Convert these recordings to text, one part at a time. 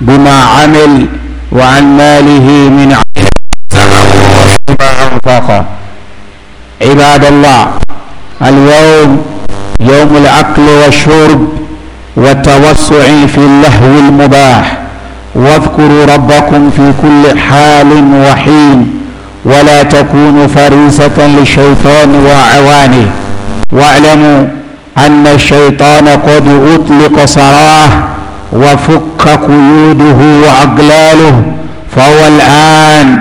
بما عمل وعن ماله من انفق عباد الله اليوم يوم الأكل والشرب والتوسع في اللهو المباح واذكروا ربكم في كل حال وحين ولا تكونوا فريسة للشيطان وأعوانه واعلموا أن الشيطان قد أطلق سراه وفك قيوده وأقلاله فهو الآن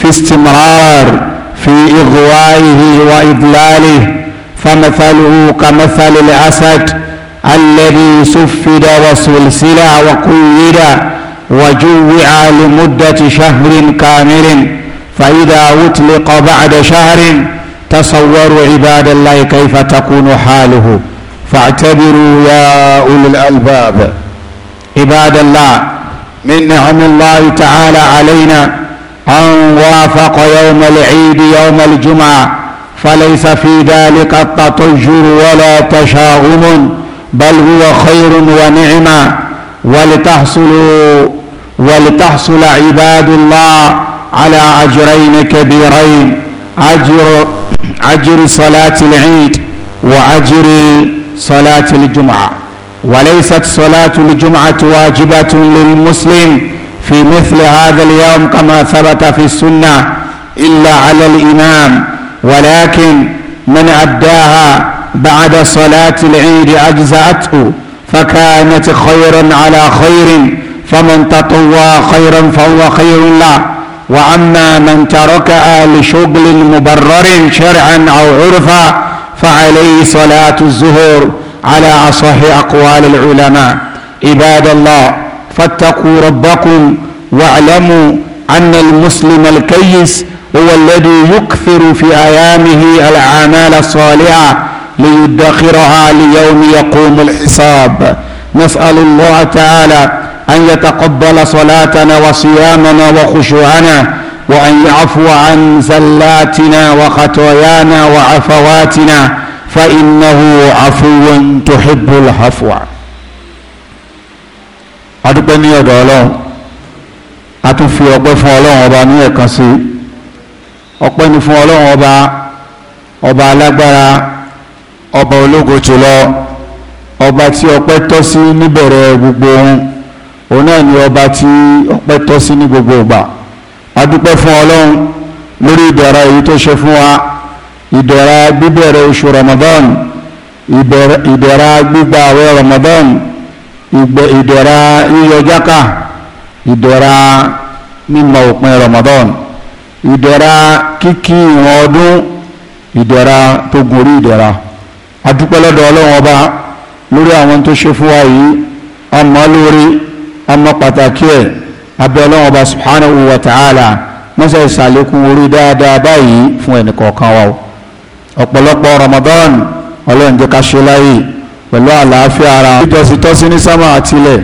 في استمرار في إغوائه وإضلاله فمثله كمثل الأسد الذي سفد وسلسل وقيد وجوع لمدة شهر كامل فإذا أطلق بعد شهر تصوروا عباد الله كيف تكون حاله فاعتبروا يا أولي الألباب عباد الله من نعم الله تعالى علينا أن وافق يوم العيد يوم الجمعة فليس في ذلك التطجر ولا تشاغم بل هو خير ونعمة ولتحصل ولتحصل عباد الله على أجرين كبيرين أجر أجر صلاة العيد وأجر صلاة الجمعة وليست صلاة الجمعة واجبة للمسلم في مثل هذا اليوم كما ثبت في السنة إلا على الإمام ولكن من أداها بعد صلاة العيد أجزأته فكانت خيرا على خير فمن تطوى خيرا فهو خير له وأما من تركها لشغل مبرر شرعا أو عرفا فعليه صلاة الزهور على أصح أقوال العلماء عباد الله فاتقوا ربكم واعلموا أن المسلم الكيس هو الذي يكثر في أيامه الأعمال الصالحة ليدخرها ليوم يقوم الحساب نسأل الله تعالى أن يتقبل صلاتنا وصيامنا وخشوعنا وأن يعفو عن زلاتنا وخطايانا وعفواتنا fa innahu afuwan tuhibbul afwa adúpẹ́ ní ọ̀dọ̀ ọlọ́run a tún fi ọpẹ́ fún ọlọ́run ọba ní ẹ̀kan sí ọpẹ́ ni fún ọlọ́run ọba ọba alágbára ọba ológo jùlọ ọba tí ọpẹ́ tọ́ sí níbẹ̀rẹ̀ gbogbo ohun òun náà ni ọba tí ọpẹ́ tọ́ sí ní gbogbo ìgbà adúpẹ́ fún ọlọ́run lórí ìdára èyí tó ṣe fún wa ìdẹ̀ra bíbẹ̀rẹ̀ oṣù Ramadan ìdẹ̀ra gbígba àwẹ̀ Ramadan ìdẹ̀ra yíyọ jáká ìdẹ̀ra mímọ òpin Ramadan ìdẹ̀ra kíkí ìwọ̀n ọdún ìdẹ̀ra tó gorí ìdẹ̀ra adúpẹ́ lọ́dọ̀ Ọlọ́run ọba lórí àwọn tó ṣe fún wa yìí àmọ́ lórí àmọ́ pàtàkì ẹ̀ abẹ́ Ọlọ́run ọba subhanahu wa ta'ala mọ́sẹ̀ ìsàlékún orí dáadáa báyìí fún ẹnìkọ̀ọ̀kan wa o ọ̀pọ̀lọpọ̀ Ramadan ọlọ́run jẹ́ ká ṣe láyè pẹ̀lú àlàáfíà ara ìjọsìn tọ́sí ní sámà àtilẹ̀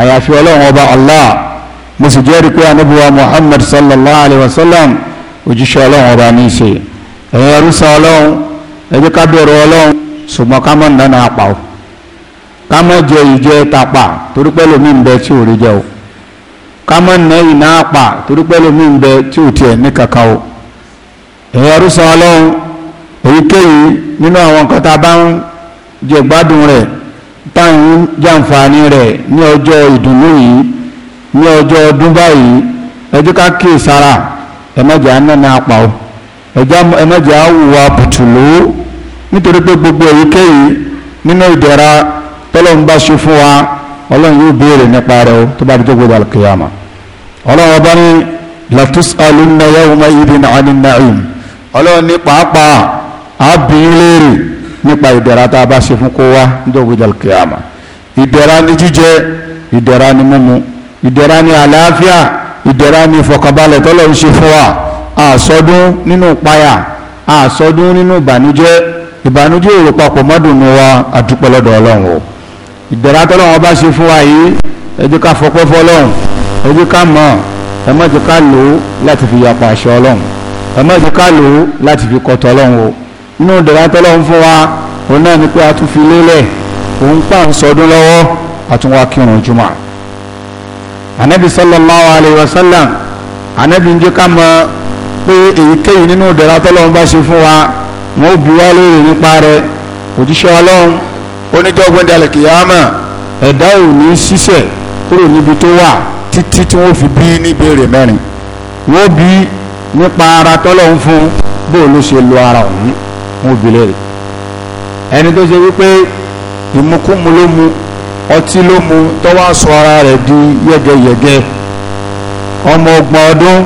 àyàfi ọlọ́run ọba Allah mo sì jẹ́rìí pé anábíwá Muhammad sallallahu alayhi wa sallam òjíṣẹ́ ọlọ́run ọba ní ìṣe ẹ̀yin ẹrúsà ọlọ́run ẹ jẹ́ ká bẹ̀rù ọlọ́run ṣùgbọ́n ká mọ̀ nánà apà o ká mọ̀ jẹ ìjẹ tapà torí pé lómi ń bẹ tí ò rí jẹ o ká mọ̀ ná ìná apà torí pé lómi ń bẹ tí ò tiẹ̀ ní kankan o ẹ̀yin ẹrúsà ọlọ́run èyíkéyìí nínú àwọn nǹkan tá a bá ń jẹ gbádùn rẹ̀ tá à ń jàǹfààní rẹ̀ ní ọjọ́ ìdùnnú yìí ní ọjọ́ ọdún báyìí ẹ jẹ́ ká kíyè sára ẹ má jẹ́ ànánà apá o ẹ má jẹ́ àwùwà bùtùlù nítorí pé gbogbo èyíkéyìí nínú ìdẹ̀ra tọ́lọ́run bá ṣe fún wa ọlọ́run yóò béèrè nípa rẹ̀ o tó bá dé gbogbo àlùkìyàmà ọlọ́run ní pàápàá àbí léèrè nípa ìdẹ̀ra tá a bá ṣe fún kó wá nítorí ìdàlùkìyàmà ìdẹ̀ra ní jíjẹ ìdẹ̀ra ní mímu ìdẹ̀ra ní àlàáfíà ìdẹ̀ra ní ìfọ̀kànbalẹ̀ tọ́lọ̀ ń ṣe fún wa àsọdún nínú ìpayà àsọdún nínú ìbànújẹ́ ìbànújẹ́ èrò papọ̀ mọ́dùnú wa àdúpẹ́lọ́dọ̀ ọlọ́run o ìdẹ̀ra tọ́lọ̀ wọn bá ṣe fún wa yìí ẹ jẹ́ ká fọpẹ́ fọlọ́run ẹ ká mọ̀ ẹ má ká lò ó láti fi yapa àṣẹ ọlọ́run ẹ má ká lò ó láti fi kọ́tọ̀ ọlọ́run o inú ìdẹ̀ra tọ́lọ́ ń fún wa òun náà ni pé a tún fi lélẹ̀ òun pa ń sọdún lọ́wọ́ àtúnwá kírun jùmọ̀ anabi sallallahu alayhi wa sallam anabi ń jẹ́ ká mọ̀ pé èyíkéyìí nínú ìdẹ̀ra tọ́lọ́ ń bá ṣe fún wa wọn ò bí wá lóore nípa rẹ̀ òjíṣẹ́ ọlọ́run oníjọ́gbọ́n dalẹ̀ kìyàmà ẹ̀dá ò ní ṣiṣẹ́ kúrò níbi tó wà títí tí wọ́n fi bí ní mẹ́rin wọ́n bí nípa ara tọ́lọ́run fún bóòlù ṣe lo ara òun wọn bi léèrè ẹni tó ṣe wípé ìmukúmu ló mu ọtí ló mu tó wá sọ ara rẹ̀ di yẹ́gẹ́yẹ́gẹ́ ọmọ ọgbọ̀n ọdún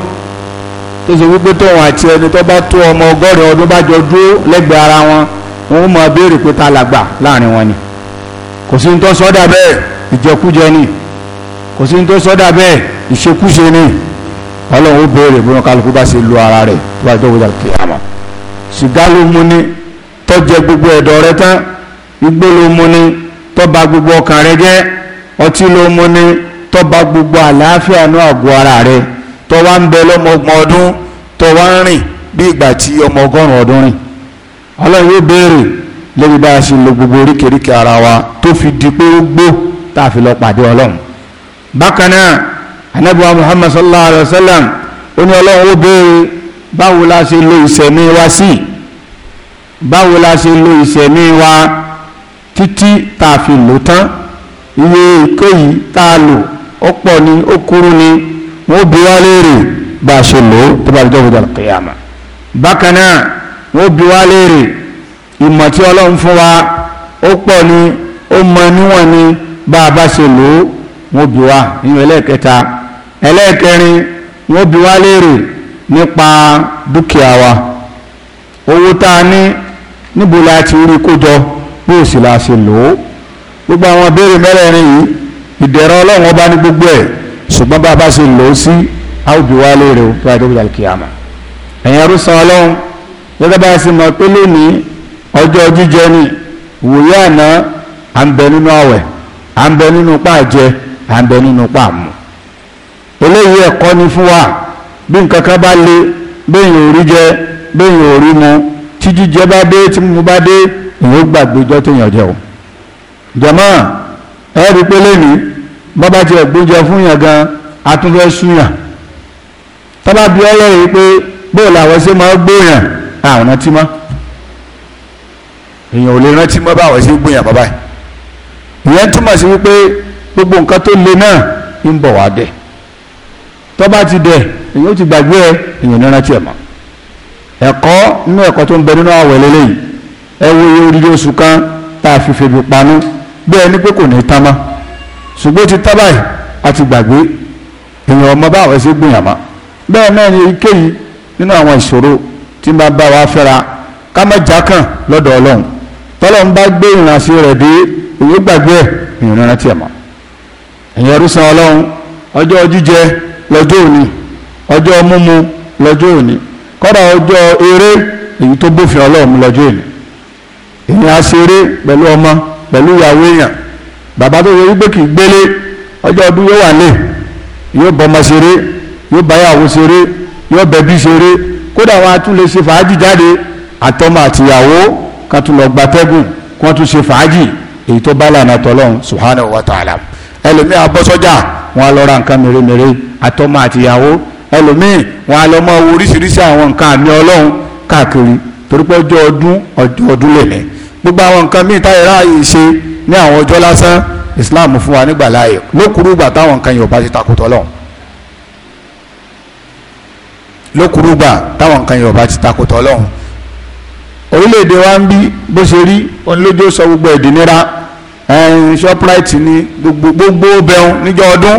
tó ṣe wípé tóun àti ẹni tó bá tó ọmọ ọgọ́rin ọdún bá jọ dúró lẹ́gbẹ̀ẹ́ ara wọn wọn ó máa pé ta làgbà láàrin wọn ni kò sí ní tó sọ́dà bẹ́ẹ̀ ìjẹkújẹ ni kò sí ní tó sọ́dà bẹ́ẹ̀ ìṣekúṣe ni ọlọ́run ó béèrè bí wọn kálukú bá ṣe lu ara rẹ̀ tó bá jọ́ wọ́n jà kí sìgá ló mu ni gbogbo ẹ̀dọ̀ rẹ tán igbó ló mu ni gbogbo ọkàn rẹ jẹ́ ọtí ló gbogbo àlàáfíà inú àgọ́ ara rẹ tó ń bẹ lọ́mọ ọdún tó ń rìn bí ìgbà tí ọmọ ọgọ́rùn-ún ọdún rìn ọlọ́run a ṣe lo gbogbo oríkèéríkèé ara wa tó fi di pé ó gbó tá a fi báwo la ṣe lo ìṣẹ̀mí wa sí báwo la ṣe lo ìṣẹ̀mí wa títí tá a fi lò tán iye èkéyìí tá a lò ó pọ̀ ni ó kúrú ni wọ́n bi wá léèrè bá a ṣe lò ó tó bá dọ́gbọ́n dọ́gbọ́n kìyàmà bákan náà wọ́n bi wá léèrè ìmọ̀ tí ọlọ́run fún wa ó pọ̀ ni ó mọ níwọ̀n ni bá a bá ṣe lò ó wọ́n bi wá nínú ẹlẹ́ẹ̀kẹta ẹlẹ́ẹ̀kẹrin wọ́n bi wá léèrè. nípa dúkìá wa owó tá a ní níbo la ti rí kójọ sì la ṣe lò ó gbogbo àwọn béèrè mẹ́rẹ̀ẹ̀rin yìí ìdẹ̀rọ̀ ọlọ́run ọba ní gbogbo ẹ̀ ṣùgbọ́n bá a bá ṣe lò ó sí áwùjọ wa léèrè o kìámà ẹ̀yin arúsọ ọlọ́run gẹ́gẹ́ bá ni wòye àná à ń bẹ nínú àwẹ̀ à ń bẹ nínú pàjẹ à ń bẹ nínú pàmù eléyìí wa bí nǹkan kan bá le bẹ́yìn ò rí jẹ bẹ́yìn mu tí jíjẹ bá dé tí mo bá dé èyàn jọ téèyàn o ẹ rí pé lẹ́nu tiẹ̀ gbóúnjẹ fún yàn gan atúnfẹ́ súnyàn tọ́ba bí ọlọ́run pé bóò làwọn ṣe máa gbóyàn àwọn rántí mọ́ ò lè rántí mọ́ báwọn ṣe gbóyàn bàbá ìyẹn túmọ̀ wípé gbogbo nǹkan tó le náà ń bọ̀ wá èyí ó ti gbàgbé ẹ èyàn ní rántí ẹ ẹ̀kọ́ nínú ẹ̀kọ́ tó ń bẹ nínú àwẹ̀ lélẹyìí ẹ iye orílẹ̀ oṣù kan tá a fi febi panu bí ẹni pé kò ní ṣùgbọ́n ti gbàgbé ọmọ bá gbìyànmá bẹ́ẹ̀ náà ni nínú àwọn ìṣòro tí máa bá wa fẹ́ra ká má bá gbé rẹ̀ dé òye ọjọ́ múmu lọ́jọ́ òní kọ́dà ọjọ́ eré èyí tó bófin ọlọ́run lọ́jọ́ òní èyí á ṣeré pẹ̀lú ọmọ pẹ̀lú ìyàwó èèyàn bàbá tó yẹ wípé kì í gbélé ọjọ́ ọdún yóò wà lè yóò bọmọ ṣeré yóò báyàwó ṣeré yóò ṣeré kódà wọn jáde àtọmọ àtìyàwó tún lọ tún ṣe fàájì èyí tó bá lànà wa ta'ala ẹlòmíà bọ́sọ́jà wọn ẹlòmíì wọn a lọ mọ oríṣiríṣi àwọn nǹkan àmì ọlọ́run káàkiri torí pé ọjọ́ ọdún ọjọ́ ọdún lè ní gbogbo àwọn nǹkan míì táyé ráàyè ṣe ní àwọn ọjọ́ lásán Islam fún wa nígbà láàyè lókùrú ìgbà táwọn nǹkan Yorùbá ti takò tọ́lọ́run lókùrú ìgbà táwọn nǹkan Yorùbá ti takò tọ́lọ́run orílẹ̀-èdè wa ń bí bó ṣe rí onílójó sọ gbogbo èdè nira ẹ̀yìn Shoprite ni gbogbo gbogbo bẹun níjọ́ ọdún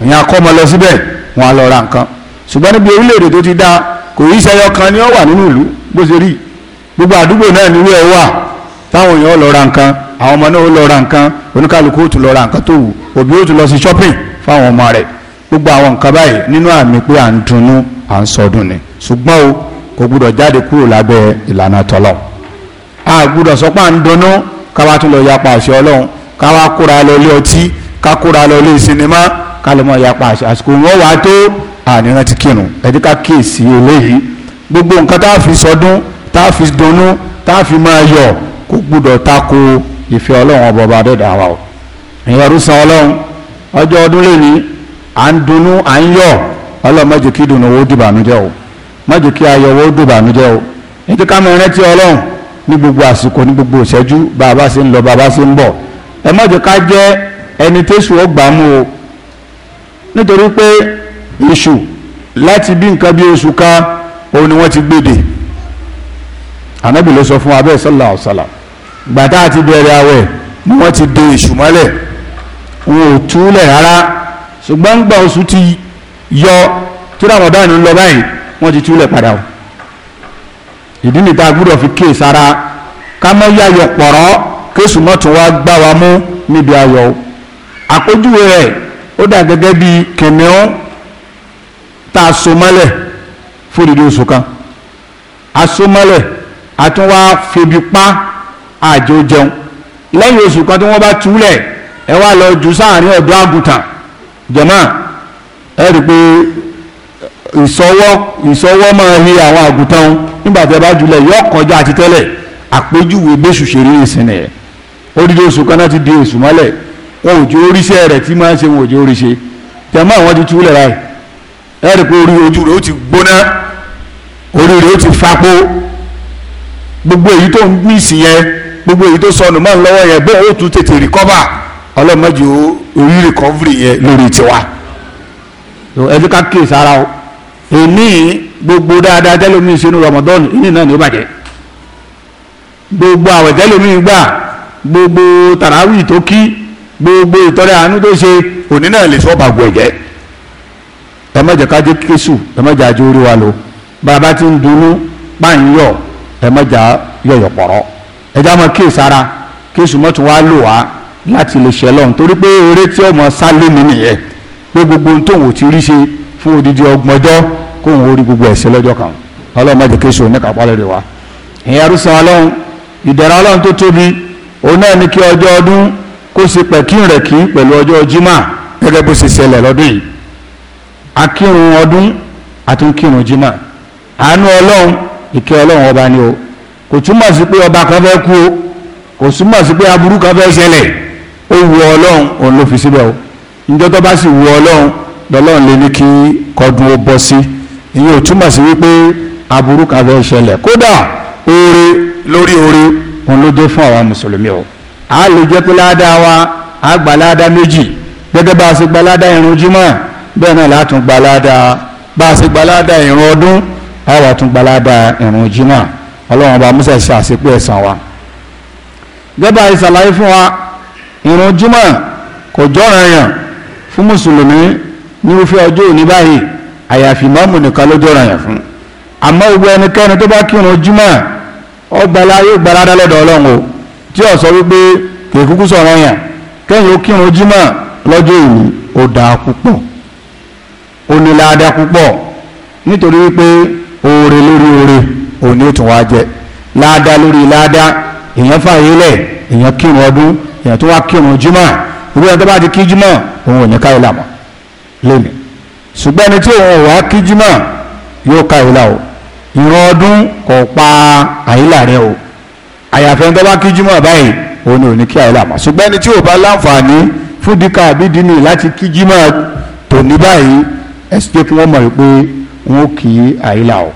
ìyẹn akọ́mọ lọ síbẹ̀ wọn a lọ ra nǹkan ṣùgbọ́n níbi orílẹ̀-èdè tó ti dá kò rí sẹyọ kan ni ó wà nínú ìlú bó ṣe rí gbogbo àdúgbò náà nílé ẹ wà táwọn èèyàn lọ ra nǹkan àwọn ọmọ náà ó lọ ra nǹkan oníkálukú ó tún lọ ra nǹkan tó wù òbí ó tún lọ sí shopping fáwọn ọmọ rẹ̀ gbogbo àwọn nǹkan báyìí nínú àmì pé à ń dunnú à ń sọdún ni ṣùgbọ́n o kò gbúdọ̀ jáde kúrò lábẹ́ ìlànà tọ́lọ̀ a gbúdọ̀ sọ pé à ń dunnú káwa tún lọ yapa àṣẹ ọlọ́run káwa kóra lọ ilé ọtí ká kóra lọ ilé sinimá ká lọ mọ yapa àṣẹ àsìkò wọn wàá tó àníran ti kírun ẹ̀dí ká kíyèsí eléyìí gbogbo nǹkan tá a fi sọdún tá a fi dunnú tá a fi máa yọ̀ kó gbúdọ̀ tako ìfẹ́ ọlọ́run ọba ọba dẹ́dà wa o ìyọrù san ọlọ́run ọjọ́ ọdún lẹ́ni à ń dunnú à ń yọ̀ ọlọ́run má kí dùnú owó dìbànújẹ́ o má kí ayọ̀ owó dìbànújẹ́ o ẹ̀dí ká mọ ọlọ́run ní gbogbo àsìkò ní gbogbo ìṣẹ́jú bá a ń lọ bá a ń bọ̀ ẹ má ká jẹ́ ẹni tẹ́sù ó gbàmú o nítorí pé èṣù láti bí nǹkan bí oṣù kan òun ni wọ́n ti gbèdè ànábì ló sọ fún wa bẹ́ẹ̀ sọ́là ọ̀sàlà gbàtà àti bẹ̀rẹ̀ àwẹ̀ ni wọ́n ti de èṣù mọ́lẹ̀ wọn ò túlẹ̀ rárá ṣùgbọ́n gbà oṣù ti yọ tí ramadan ń lọ báyìí wọ́n ti túlẹ̀ padà o ìdí nìta gbúdọ̀ fi kéè sára ká mọ́ yáyọ̀ pọ̀rọ́ kéṣù mọ́ tún wá gbá wa mú níbi ayọ̀ àpèjúwe rẹ̀ ó dà gẹ́gẹ́ bíi kẹ̀nẹ́ọ́ tá a so mọ́lẹ̀ fódìdí oṣù kan a so mọ́lẹ̀ a tún wá febi pa àjò jẹun lẹ́yìn oṣù kan tí wọ́n bá túlẹ̀ ẹ wá lọ jù sáàrin ọ̀dọ́ àgùntàn jẹ̀mọ́ ẹ rí i pé ìsọwọ́ ìsọwọ́ máa rí àwọn àgùntàn nígbà tí ẹ bá jùlẹ̀ yọ kọjá àti tẹ́lẹ̀ àpéjúwe bẹ́sù ṣeré ìsìn ẹ̀ odidi oṣù kan náà ti di oṣù mọ́lẹ̀ wọn ò jó oríṣẹ́ rẹ̀ tí máa ń ṣe wọn ò jó oríṣẹ́ tẹ̀mọ́ àwọn ti túlẹ̀ báyìí ẹ pé orí ojú rẹ̀ ó ti gbóná orí rẹ̀ ó ti fapó gbogbo èyí tó ń mísì yẹn gbogbo èyí tó sọnù mọ́ lọ́wọ́ yẹn bẹ́ẹ̀ ó tún tètè rìkọ́bà ọlọ́mọdé orí rìkọ́vìrì yẹn lórí tiwa ẹbí ká kíyèsí ara o èmi gbogbo dáadáa tẹlómi sínú Ramadan ìní náà ni ó bàjẹ́ gbogbo àwẹ̀ tẹlómi gbà gbogbo tàràwì tó kí gbogbo ìtọrẹ àánú tó ṣe òní náà lè sọ bàgbọ́ ẹ̀jẹ̀ ẹ má jẹ́ ká jẹ́ kéṣù ẹ má jẹ́ ajé orí wa lò bàbá ti ń dunú páńyọ̀ ẹ má jẹ́ yọ̀yọ̀ pọ̀rọ̀ ẹ já mọ́ kéè sára kéṣù mọ́tò wá lò wá láti lè ṣẹlọ́n torí pé eré tí ọmọ sálé mi nìyẹn pé gbogbo ohun tóun ò ti rí ṣe fún odidi ọgbọ̀njọ́ kóun ó rí gbogbo ẹ̀ṣẹ̀ lọ́jọ́ kan ọlọ́run má jẹ́ kéṣù oníkàpálẹ̀ rẹ̀ wá ìyẹn arúsàn ọlọ́run ìdẹ̀ra ọlọ́run tó tóbi òun náà ní kí ọjọ́ ọdún kó ṣe pẹ̀kí rẹ̀ kí pẹ̀lú ọjọ́ jimá gẹ́gẹ́ bó ṣe ṣẹlẹ̀ lọ́dún yìí akírun ọdún àtúnkírun jimá àánú ọlọ́run ìkẹ́ ọlọ́run ọba ni o kò túmọ̀ sí pé ọba kan fẹ́ kú o kò túmọ̀ sí pé aburú kan fẹ́ ṣẹlẹ̀ ó wu ọlọ́run òun ló fi síbẹ̀ o níjọ́ tó bá sì wu ọlọ́run lọ́lọ́run lè ní kí kọdún ó bọ́ sí ìyẹn ò túmọ̀ sí wípé aburú kan fẹ́ ṣẹlẹ̀ kódà oore lórí oore òun ló dé fún àwa mùsùlùmí o a lè jẹ́ pé ládàá wa a ládàá méjì gẹ́gẹ́ bá a ṣe gbà ládàá ìrun jímọ̀ bẹ́ẹ̀ náà látún gbalada bá a ṣe gbalada ìrun ọdún àwọn àtún gbalada ìrun jimá ọlọ́run ọba musa ṣe àṣepé ẹ̀sán wa gẹ́gẹ́ àti ṣàlàyé fún wa ìrun jimá kò jọ́ra yàn fún mùsùlùmí nírúfẹ́ ọjọ́ òní báyìí àyàfi mọ́mù nìkan ló jọ́ra yàn fún àmọ́ gbogbo ẹnikẹ́ni tó bá kírun jimá ọgbàlá yóò gbalada lọ́dọ̀ ọlọ́run o tí ó sọ wípé kèkúkú sọ̀rọ̀ yàn kẹ́yìn ó kírun jimá lọ́jọ́ òní ó dáa púpọ̀ ó ní ládàá púpọ̀ nítorí wípé oore lórí oore òní ó tún wá jẹ ládàá lórí ládàá èèyàn fààyè lẹ̀ èèyàn kírun ọdún èèyàn tó wá kírun jímọ̀ ìwé ẹni tó bá ti kí jímọ̀ òun ò ní káyọ̀ làmọ́ lónìí ṣùgbọ́n ẹni tí òun ò wá kí jímọ̀ yóò káyọ̀ làwọ̀ ìran ọdún kò pa àyílà rẹ o àyàfẹ́ tó bá kí jímọ̀ báyìí òun ò ní kí àyílà ṣùgbọ́n ẹni tí ò bá láǹfààní fún dika àbídínì láti kí jímọ̀ tòní báyìí ẹsùpé kí wọ́n mọ̀ rí pé wọn ò kì í àyílà o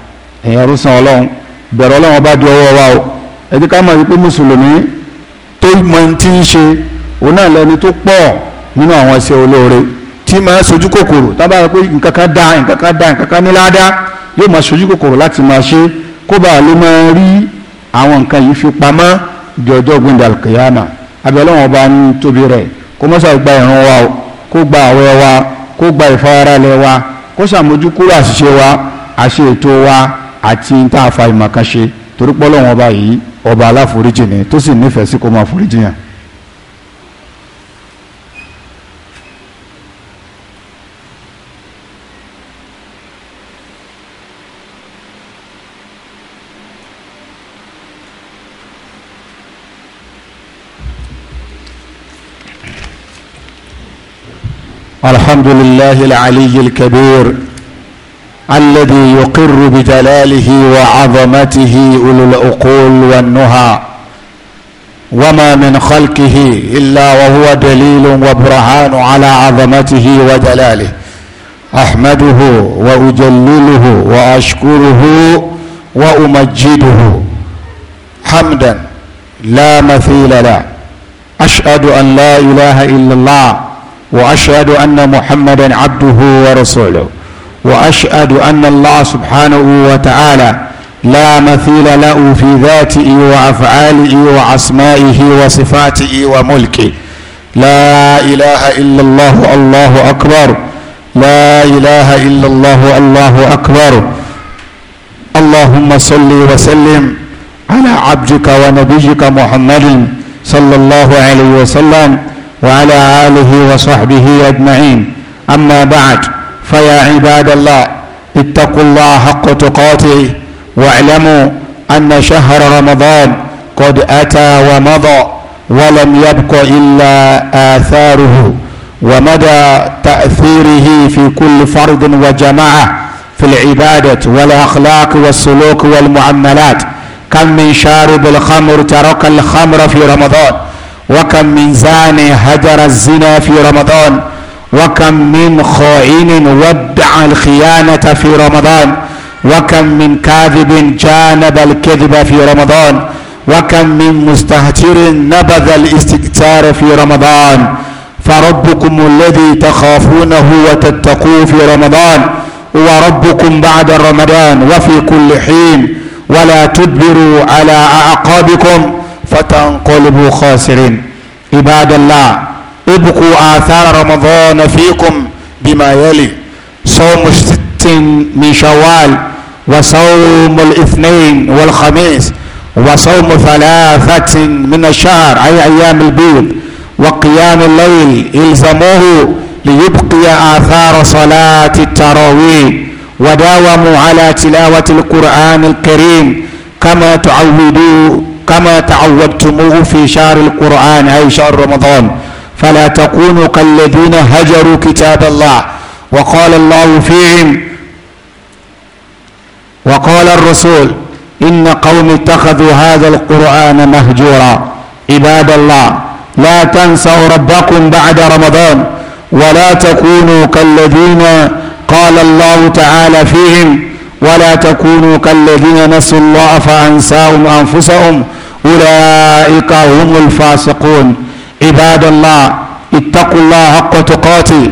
ẹ̀yin ọdún san ọlọ́run bẹ̀rẹ̀ ọlọ́run bá di ọwọ́ wa o ẹ jẹ́ ká mọ̀ rí pé mùsùlùmí tó mọ ti ń ṣe òun náà lẹni tó pọ̀ nínú àwọn ẹsẹ̀ olóore tí máa sojú kòkòrò tábà rẹ pé nǹkan kan da nǹkan kan da nǹkan kan ní ládàá yóò máa sojú kòkòrò láti máa ṣe kó bàa lè máa rí àwọn nǹkan yìí fi pamọ́ di ọjọ́ gbẹ̀ndàlùkìyàmà abẹ́ ọlọ́run ọba ń tóbi rẹ̀ kó mọ́sàgbà ìrún wa kó gba àwẹ̀ wa kó gba ìfaralẹ̀ wa kó ṣàmójúkúrò àṣìṣe wa àṣe ètò wa àti tá a fa ìmọ̀kan ṣe torí pé Ọlọ́hun ọba aláforíjì ni tó sì nífẹ̀ẹ́ sí kó máa foríjì yàn. الحمد لله العلي الكبير الذي يقر بجلاله وعظمته أولو العقول والنهى وما من خلقه إلا وهو دليل وبرهان على عظمته وجلاله أحمده وأجلله وأشكره وأمجده حمدا لا مثيل له أشهد أن لا إله إلا الله واشهد ان محمدا عبده ورسوله واشهد ان الله سبحانه وتعالى لا مثيل له في ذاته وافعاله واسمائه وصفاته وملكه لا اله الا الله الله اكبر لا اله الا الله الله اكبر اللهم صل وسلم على عبدك ونبيك محمد صلى الله عليه وسلم وعلى آله وصحبه أجمعين أما بعد فيا عباد الله اتقوا الله حق تقاته واعلموا أن شهر رمضان قد أتى ومضى ولم يبق إلا آثاره ومدى تأثيره في كل فرد وجماعة في العبادة والأخلاق والسلوك والمعاملات كم من شارب الخمر ترك الخمر في رمضان وكم من زان هجر الزنا في رمضان وكم من خائن ودع الخيانة في رمضان وكم من كاذب جانب الكذب في رمضان وكم من مستهتر نبذ الاستكتار في رمضان فربكم الذي تخافونه وتتقوه في رمضان هو ربكم بعد رمضان وفي كل حين ولا تدبروا على أعقابكم فتنقلبوا خاسرين عباد الله ابقوا آثار رمضان فيكم بما يلي صوم ست من شوال وصوم الاثنين والخميس وصوم ثلاثة من الشهر أي أيام البيض وقيام الليل إلزموه ليبقي آثار صلاة التراويح وداوموا على تلاوة القرآن الكريم كما تعودوا كما تعودتموه في شهر القرآن أي شهر رمضان فلا تكونوا كالذين هجروا كتاب الله وقال الله فيهم وقال الرسول إن قوم اتخذوا هذا القرآن مهجورا عباد الله لا تنسوا ربكم بعد رمضان ولا تكونوا كالذين قال الله تعالى فيهم ولا تكونوا كالذين نسوا الله فأنساهم أنفسهم أولئك هم الفاسقون عباد الله اتقوا الله حق تقاته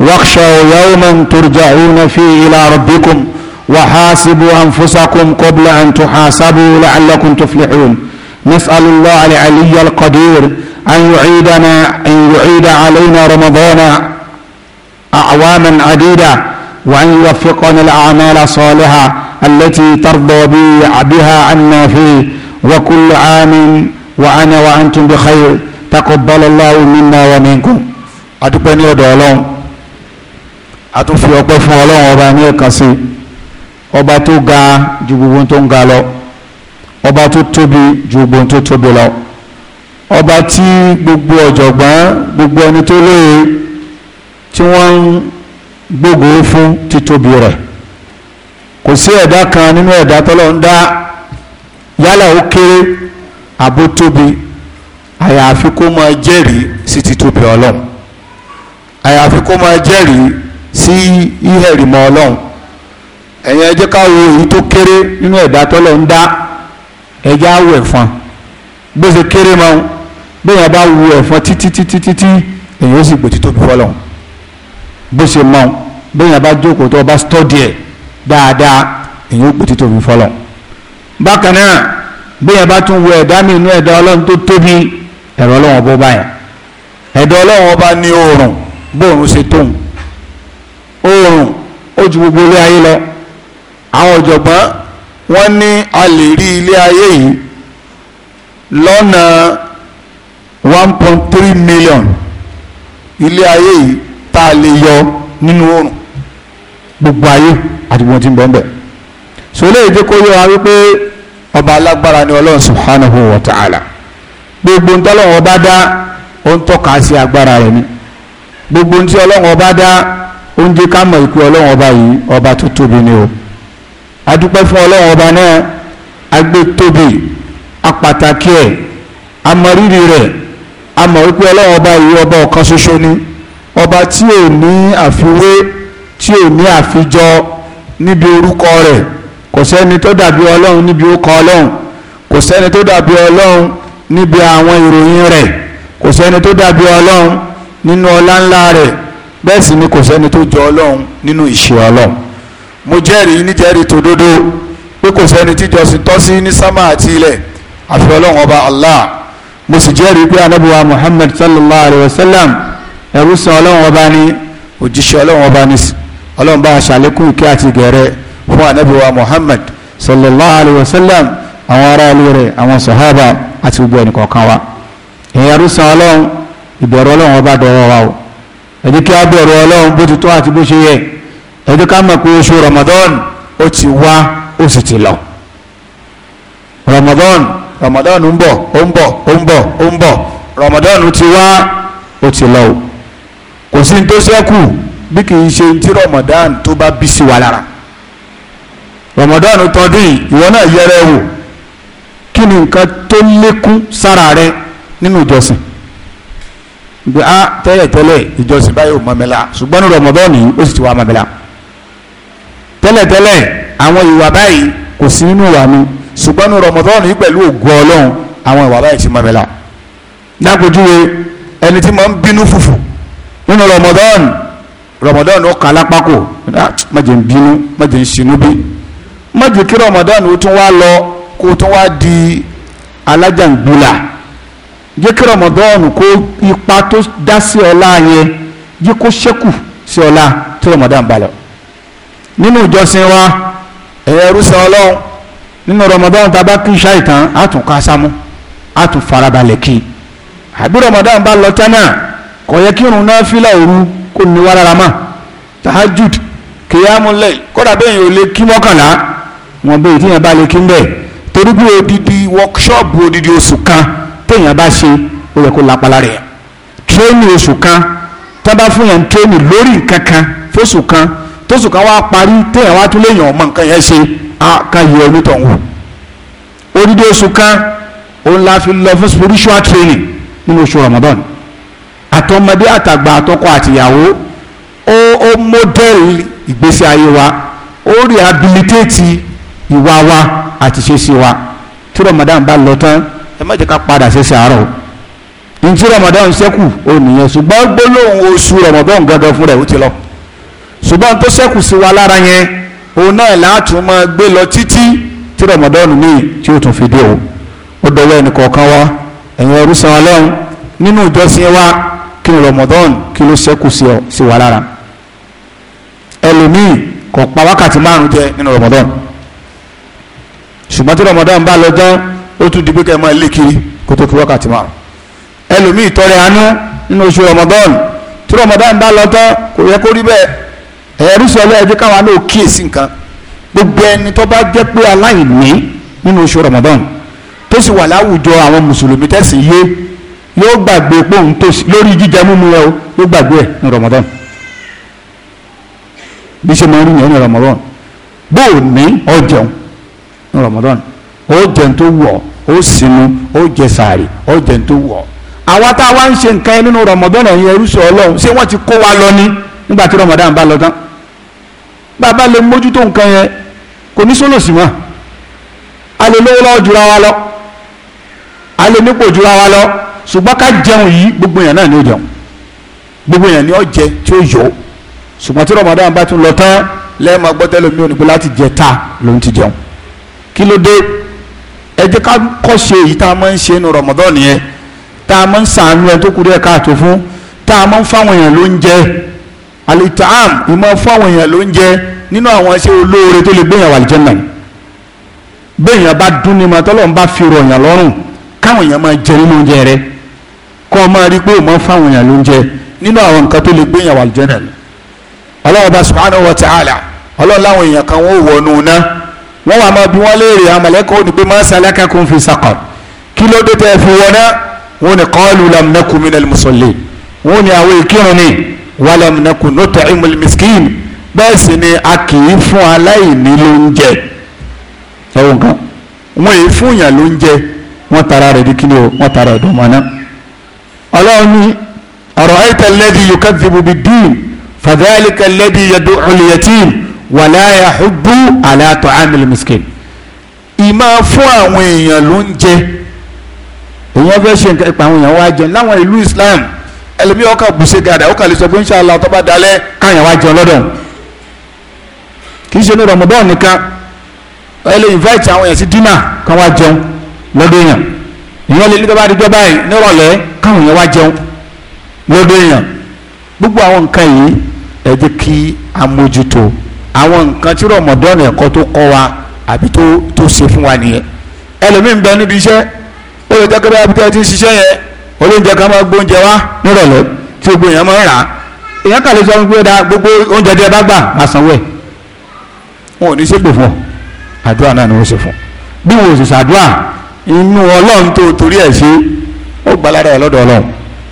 واخشوا يوما ترجعون فيه إلى ربكم وحاسبوا أنفسكم قبل أن تحاسبوا لعلكم تفلحون نسأل الله العلي القدير أن يعيدنا أن يعيد علينا رمضان أعواما عديدة وأن يوفقنا الأعمال صالحة التي ترضى بها عنا فيه وكل عام وأنا وأنتم بخير تقبل الله منا ومنكم أتبني ودولون أتوفي أقفوا ولون وباني كسي أبا tó ga ju أبا tó ń ga أبا تي tó tóbi ju gbogbo tó tóbi gbogbo fún títóbi rẹ̀ kò sí ẹ̀dá kan nínú ẹ̀dá tọ́lọ́ ń dá yálà ó kéré àbó tóbi àyàfi kó máa jẹ́rìí sí títóbi ọlọ́run àyàfi kó máa jẹ́rìí sí ìhẹ̀rìmọ̀ ọlọ́run ẹ̀yin ẹ jẹ́ ká wo èyí tó kéré nínú ẹ̀dá tọ́lọ́ ń dá ẹja awọ ẹ̀fọn bó ṣe kéré mọ́ bóyá bá wu ẹ̀fọn títí títí títí èyí ó sì gbòtító bí bó ṣe mọ bẹ́ẹ̀ yẹn bá jókòó tó o bá stọ́dì ẹ̀ dáadáa èyí ó gbòtí tóbi fọlọ̀ bákan náà bẹ́ẹ̀ yẹn bá tún wo ẹ̀dá mi inú ẹ̀dá ọlọ́run tó tóbi ẹ̀rọ ọlọ́run ọba báyà ẹ̀dá ọlọ́run ọba ní oòrùn bóòrùn ṣe tóun oòrùn ó ju gbogbo ilé ayé lọ àwọn ọ̀jọ̀gbọ́n wọ́n ní a rí ilé ayé yìí lọ́nà one point three million ilé ayé yìí tá a lè yọ nínú oòrùn gbogbo ayé àti gbogbo tí ń bọ̀ so kó wípé ọba alágbára ni ọlọ́run subhanahu wa ta'ala gbogbo ntí ọba dá ó ń tọ́ka sí agbára rẹ̀ gbogbo ntí ọlọ́run ọba dá ó ń jẹ́ ká ọba yìí ọba tó o adúpẹ́ fún ọba náà agbé tóbi apàtàkì ẹ̀ ọba yìí ọba ọ̀kan ni. ọba tí ò ní àfiwé tí ò ní àfijọ níbi orúkọ rẹ̀ kò sẹ́ni tó dàbí ọlọ́run níbi orúkọ ọlọ́run kò sẹ́ni tó dàbí ọlọ́run níbi àwọn ìròyìn rẹ̀ kò sẹ́ni tó dàbí ọlọ́run nínú ọlá ńlá rẹ̀ bẹ́ẹ̀ sì ni kò sẹ́ni tó jọ ọlọ́run nínú ìṣe ọlọ́run mo jẹ́rìí níjẹ́rìí tòdodo pé kò sẹ́ni tíjọsìn tọ́ sí ní sámà àti ilẹ̀ àfi ọlọ́run ọba Allah mo sì jẹ́rìí pé anábìwá Muhammad sallallahu alayhi wa sallam ẹrú san ọlọ́run ọba ní òjíṣẹ́ ọlọ́run ọba ní ọlọ́run bá aṣàlékún ìkẹ́ àti gẹ̀rẹ́ fún ànábì wa Muhammad sallallahu alayhi wa sallam àwọn ará ilé rẹ̀ àwọn sàhábà àti gbogbo ẹnì kọ̀ọ̀kan wa ìyẹn ẹrú san ọlọ́run ìbẹ̀rù ọlọ́run ọba dọ̀rọ̀ wa o ẹ jẹ́ kí a bẹ̀rù ọlọ́run bó ti tọ́ àti bó ṣe yẹ ẹ ká mọ̀ pé oṣù Ramadan ó ti wá ó sì ti lọ Ramadan Ramadan ń bọ̀ ó ń bọ̀ ó ń bọ̀ ó ń bọ̀ Ramadan ti wá ó ti lọ o kò sí tó ṣẹ́kù bí kì í ṣe ti Ramadan tó bá bí sí wa lára Ramadan tọdún ìwọ náà yẹrẹ wò kí ni nǹkan tó lékún sára rẹ nínú ìjọsìn gbé a tẹ́lẹ̀ tẹ́lẹ̀ ìjọsìn báyìí ò mọ̀mẹ́lá ṣùgbọ́n ní Ramadan yìí ó sì ti wá mọ̀mẹ́lá tẹ́lẹ̀ tẹ́lẹ̀ àwọn ìwà báyìí kò sí nínú ìwà mi ṣùgbọ́n ní Ramadan yìí pẹ̀lú ògùn Ọlọ́run àwọn ìwà báyìí ti mọ̀mẹ́lá dákojúwe ẹni tí mo ń bínú fùfù nínú Ramadan Ramadan ó kà lápákò ah, má jẹ́ ń bínú má jẹ́ ń sinú bí má kí Ramadan ó tún wá lọ kó o tún wá di alájàngbùlà jẹ́ kí Ramadan kó ipa tó dá sí ọlá yẹn jẹ́ kó ṣẹ́kù sí ọlá tí Ramadan balẹ̀ nínú ìjọsìn wa ẹ̀yẹ rúṣà ọlọ́run nínú Ramadan tàbá kí ṣáìtàn á tún ká sámú á tún farabalẹ̀ kí àbí Ramadan bá lọ tán kò yẹ kí irun náfìlà òru kò ní wá rárá mà tahajud kìyàmúlẹ̀ kódà bẹ́ẹ̀ yóò lè kí mọ́kànlá wọn bẹ́ẹ̀ tí yẹn bá lè kí ń bẹ̀ torí bí odidi workshop odidi oṣù kan téèyàn bá ṣe ó yẹ kó lápá lára yẹn tírénì oṣù kan tábà fún yẹn tírénì lórí nǹkan kan fóṣù kan tóṣù kan wá parí téèyàn wá tún léèyàn ọmọ nǹkan yẹn ṣe á ká yẹ onítọ̀hún odidi oṣù kan òun la fi lọ fún spiritual training nínú oṣù Ramadan àtọmọdé àtàgbà àtọkọ àtìyàwó ó ó mọ́dẹ́lì ìgbésí ayé wa ó rehabilitate ìwà wa àti ṣeṣe wa tí Ramadan bá lọ tán ẹ má jẹ́ ká padà ṣeṣe àárọ̀ ntí Ramadan ṣẹ́kù ó nìyẹn ṣùgbọ́n gbólóhùn oṣù Ramadan gangan fún rẹ̀ ó ti lọ ṣùgbọ́n tó ṣẹ́kù sí wa lára yẹn òun náà láti máa gbé lọ títí tí Ramadan míì tí ó tún fi dé o ó dọwọ́ ẹnì kọ̀ọ̀kan wa ẹ̀yin ẹrú san ọlọ́run nínú ìjọsìn wa kí ni Ramadan kí ló ṣẹ́kù sí wa lára ẹlòmíì kò pa wákàtí márùn jẹ nínú Ramadan ṣùgbọ́n tí Ramadan bá lọ tán ó tún di pé kẹ́ ẹ máa lé kiri kó tó kí wákàtí márùn ẹlòmíì tọrẹ àánú nínú oṣù Ramadan tí Ramadan bá lọ tán kò yẹ kó rí bẹ́ẹ̀ ẹ̀rí sọ lẹ́yìn pé káwọn náà kíyèsí nǹkan gbogbo ẹni tó bá jẹ́ pé aláìní nínú oṣù Ramadan tó sì wà láwùjọ àwọn mùsùlùmí tẹ̀sí yé yóò gbàgbé pé òun tó lórí jíjẹ múmu rẹ o yóò gbàgbé ẹ ní Ramadan bí ṣe máa ń yàn ní Ramadan bó o ní ọjọun ní Ramadan ó jẹun tó wọ ó sinú ó jẹ sàárì ó jẹun tó wọ àwa tá a wá ń ṣe nǹkan nínú Ramadan ẹ̀yìn ẹrúṣọ Ọlọ́run ṣé wọ́n ti kó wa lọ ní nígbà tí Ramadan bá lọ tán bàbá lè mójútó nǹkan yẹn kò ní sólò sí mọ́ a lè lówó lọ́wọ́ jura wa lọ a lè nípò jura wa lọ ṣùgbọ́n ká jẹun yìí gbogbo èèyàn náà ni ó jẹun gbogbo èèyàn ni ó jẹ tí ó yọ ṣùgbọ́n tí Ramadan bá tún lọ tán lẹ́ẹ̀ma gbọ́tẹ́ lomi ò ní pé láti jẹ ta lòun ti jẹun kí ló dé ẹ jẹ́ ká kọ́ ṣe èyí tá a máa ń ṣe nu Ramadan nìyẹn tá a máa ń sàánú ẹ tó kú díẹ̀ káàtó fún tá a máa ń fáwọn èèyàn ló ń jẹ alitaam ìmọ̀ fáwọn èèyàn ló ń jẹ nínú àwọn iṣẹ́ olóore tó lè gbéyàn wà lìjẹ́nà gbéyàn bá dún ni mọ̀ tọ́lọ́ ń bá fi rọ̀yàn lọ́rùn káwọn èèyàn máa jẹ nínú oúnjẹ rẹ̀ kọ́ ọ máa rí pé òun fáwọn èèyàn ló ń jẹ nínú àwọn nǹkan tó lè gbé èèyàn wà lùjẹ́nà ni Allah bá subhanahu wa ta'ala Allah láwọn èèyàn kan wọ́n wọ̀ nù ná wọ́n wà máa bí wọ́n léèrè àmàlẹ́kọ̀ ní pé ma salakakum fi saqar kí ló dé tẹ́ fi wọ́n ná wọ́n ní qalu lam minal musallin wọ́n ní àwọn ìkírun ni wa lam naku nut'imul miskin bẹ́ẹ̀ sì ni a kì í fún aláìní lóúnjẹ ẹ̀wọ̀n kan wọ́n èé fún yàn lóúnjẹ wọ́n tara rẹ̀ di kí o wọ́n tara ẹ̀dọ̀ mọ́ náà ọlọ́run ní ọ̀rọ̀ ẹ̀tẹ̀ lẹ́dí yóò kẹ́sìbù bí dín fàdáìlìkà lẹ́dí yẹdu ọ̀lẹ́yẹtìm wà láyà hubbu aláàtọ̀ amílì miskin. ìmọ̀ fún àwọn èèyàn ló ń jẹ èèyàn fẹ́ ṣe nǹkan ìpàwọn èèyàn wá jẹ láwọn ìlú Islam ẹlòmíì ọkà bùṣe gàdà ọkà lè sọ pé inṣàlá tó bá dalẹ̀ káyàn wá jẹun lọ́dọ̀ kì í ṣe ní Ramadan nìkan ẹ lè invite àwọn èèyàn sí dinner kan wá jẹun lọ́dọ̀ èèyàn ìyẹn lè ní tó bá di jọba yìí nírọ̀lẹ́ káwọn yẹn wá jẹun lọ́dọ̀ èèyàn gbogbo àwọn nǹkan yìí ẹ jẹ́ kí a mójútó àwọn nǹkan tí Ramadan ẹ̀kọ́ tó kọ́ wa àbí tó tó ṣe fún wa nìyẹn ẹlòmíín bẹ níbi iṣẹ́ ó lè jẹ́kẹ́ bá abúlé ti ń ṣiṣẹ́ yẹn olóúnjẹ kan máa gbóúnjẹ wá nírọ̀lẹ́ tí gbogbo èèyàn máa ń rà á èèyàn kà lè sọ wípé da gbogbo oúnjẹ tí ẹ bá gbà máa sanwó ẹ̀ wọn ò ní ṣépè fún ọ àdúrà náà ni wọ́n ṣe fún bí wọn ò sì ṣàdúrà inú ọlọ́run tó torí ẹ̀ ṣe ó gba lára ẹ̀ lọ́dọ̀ ọlọ́run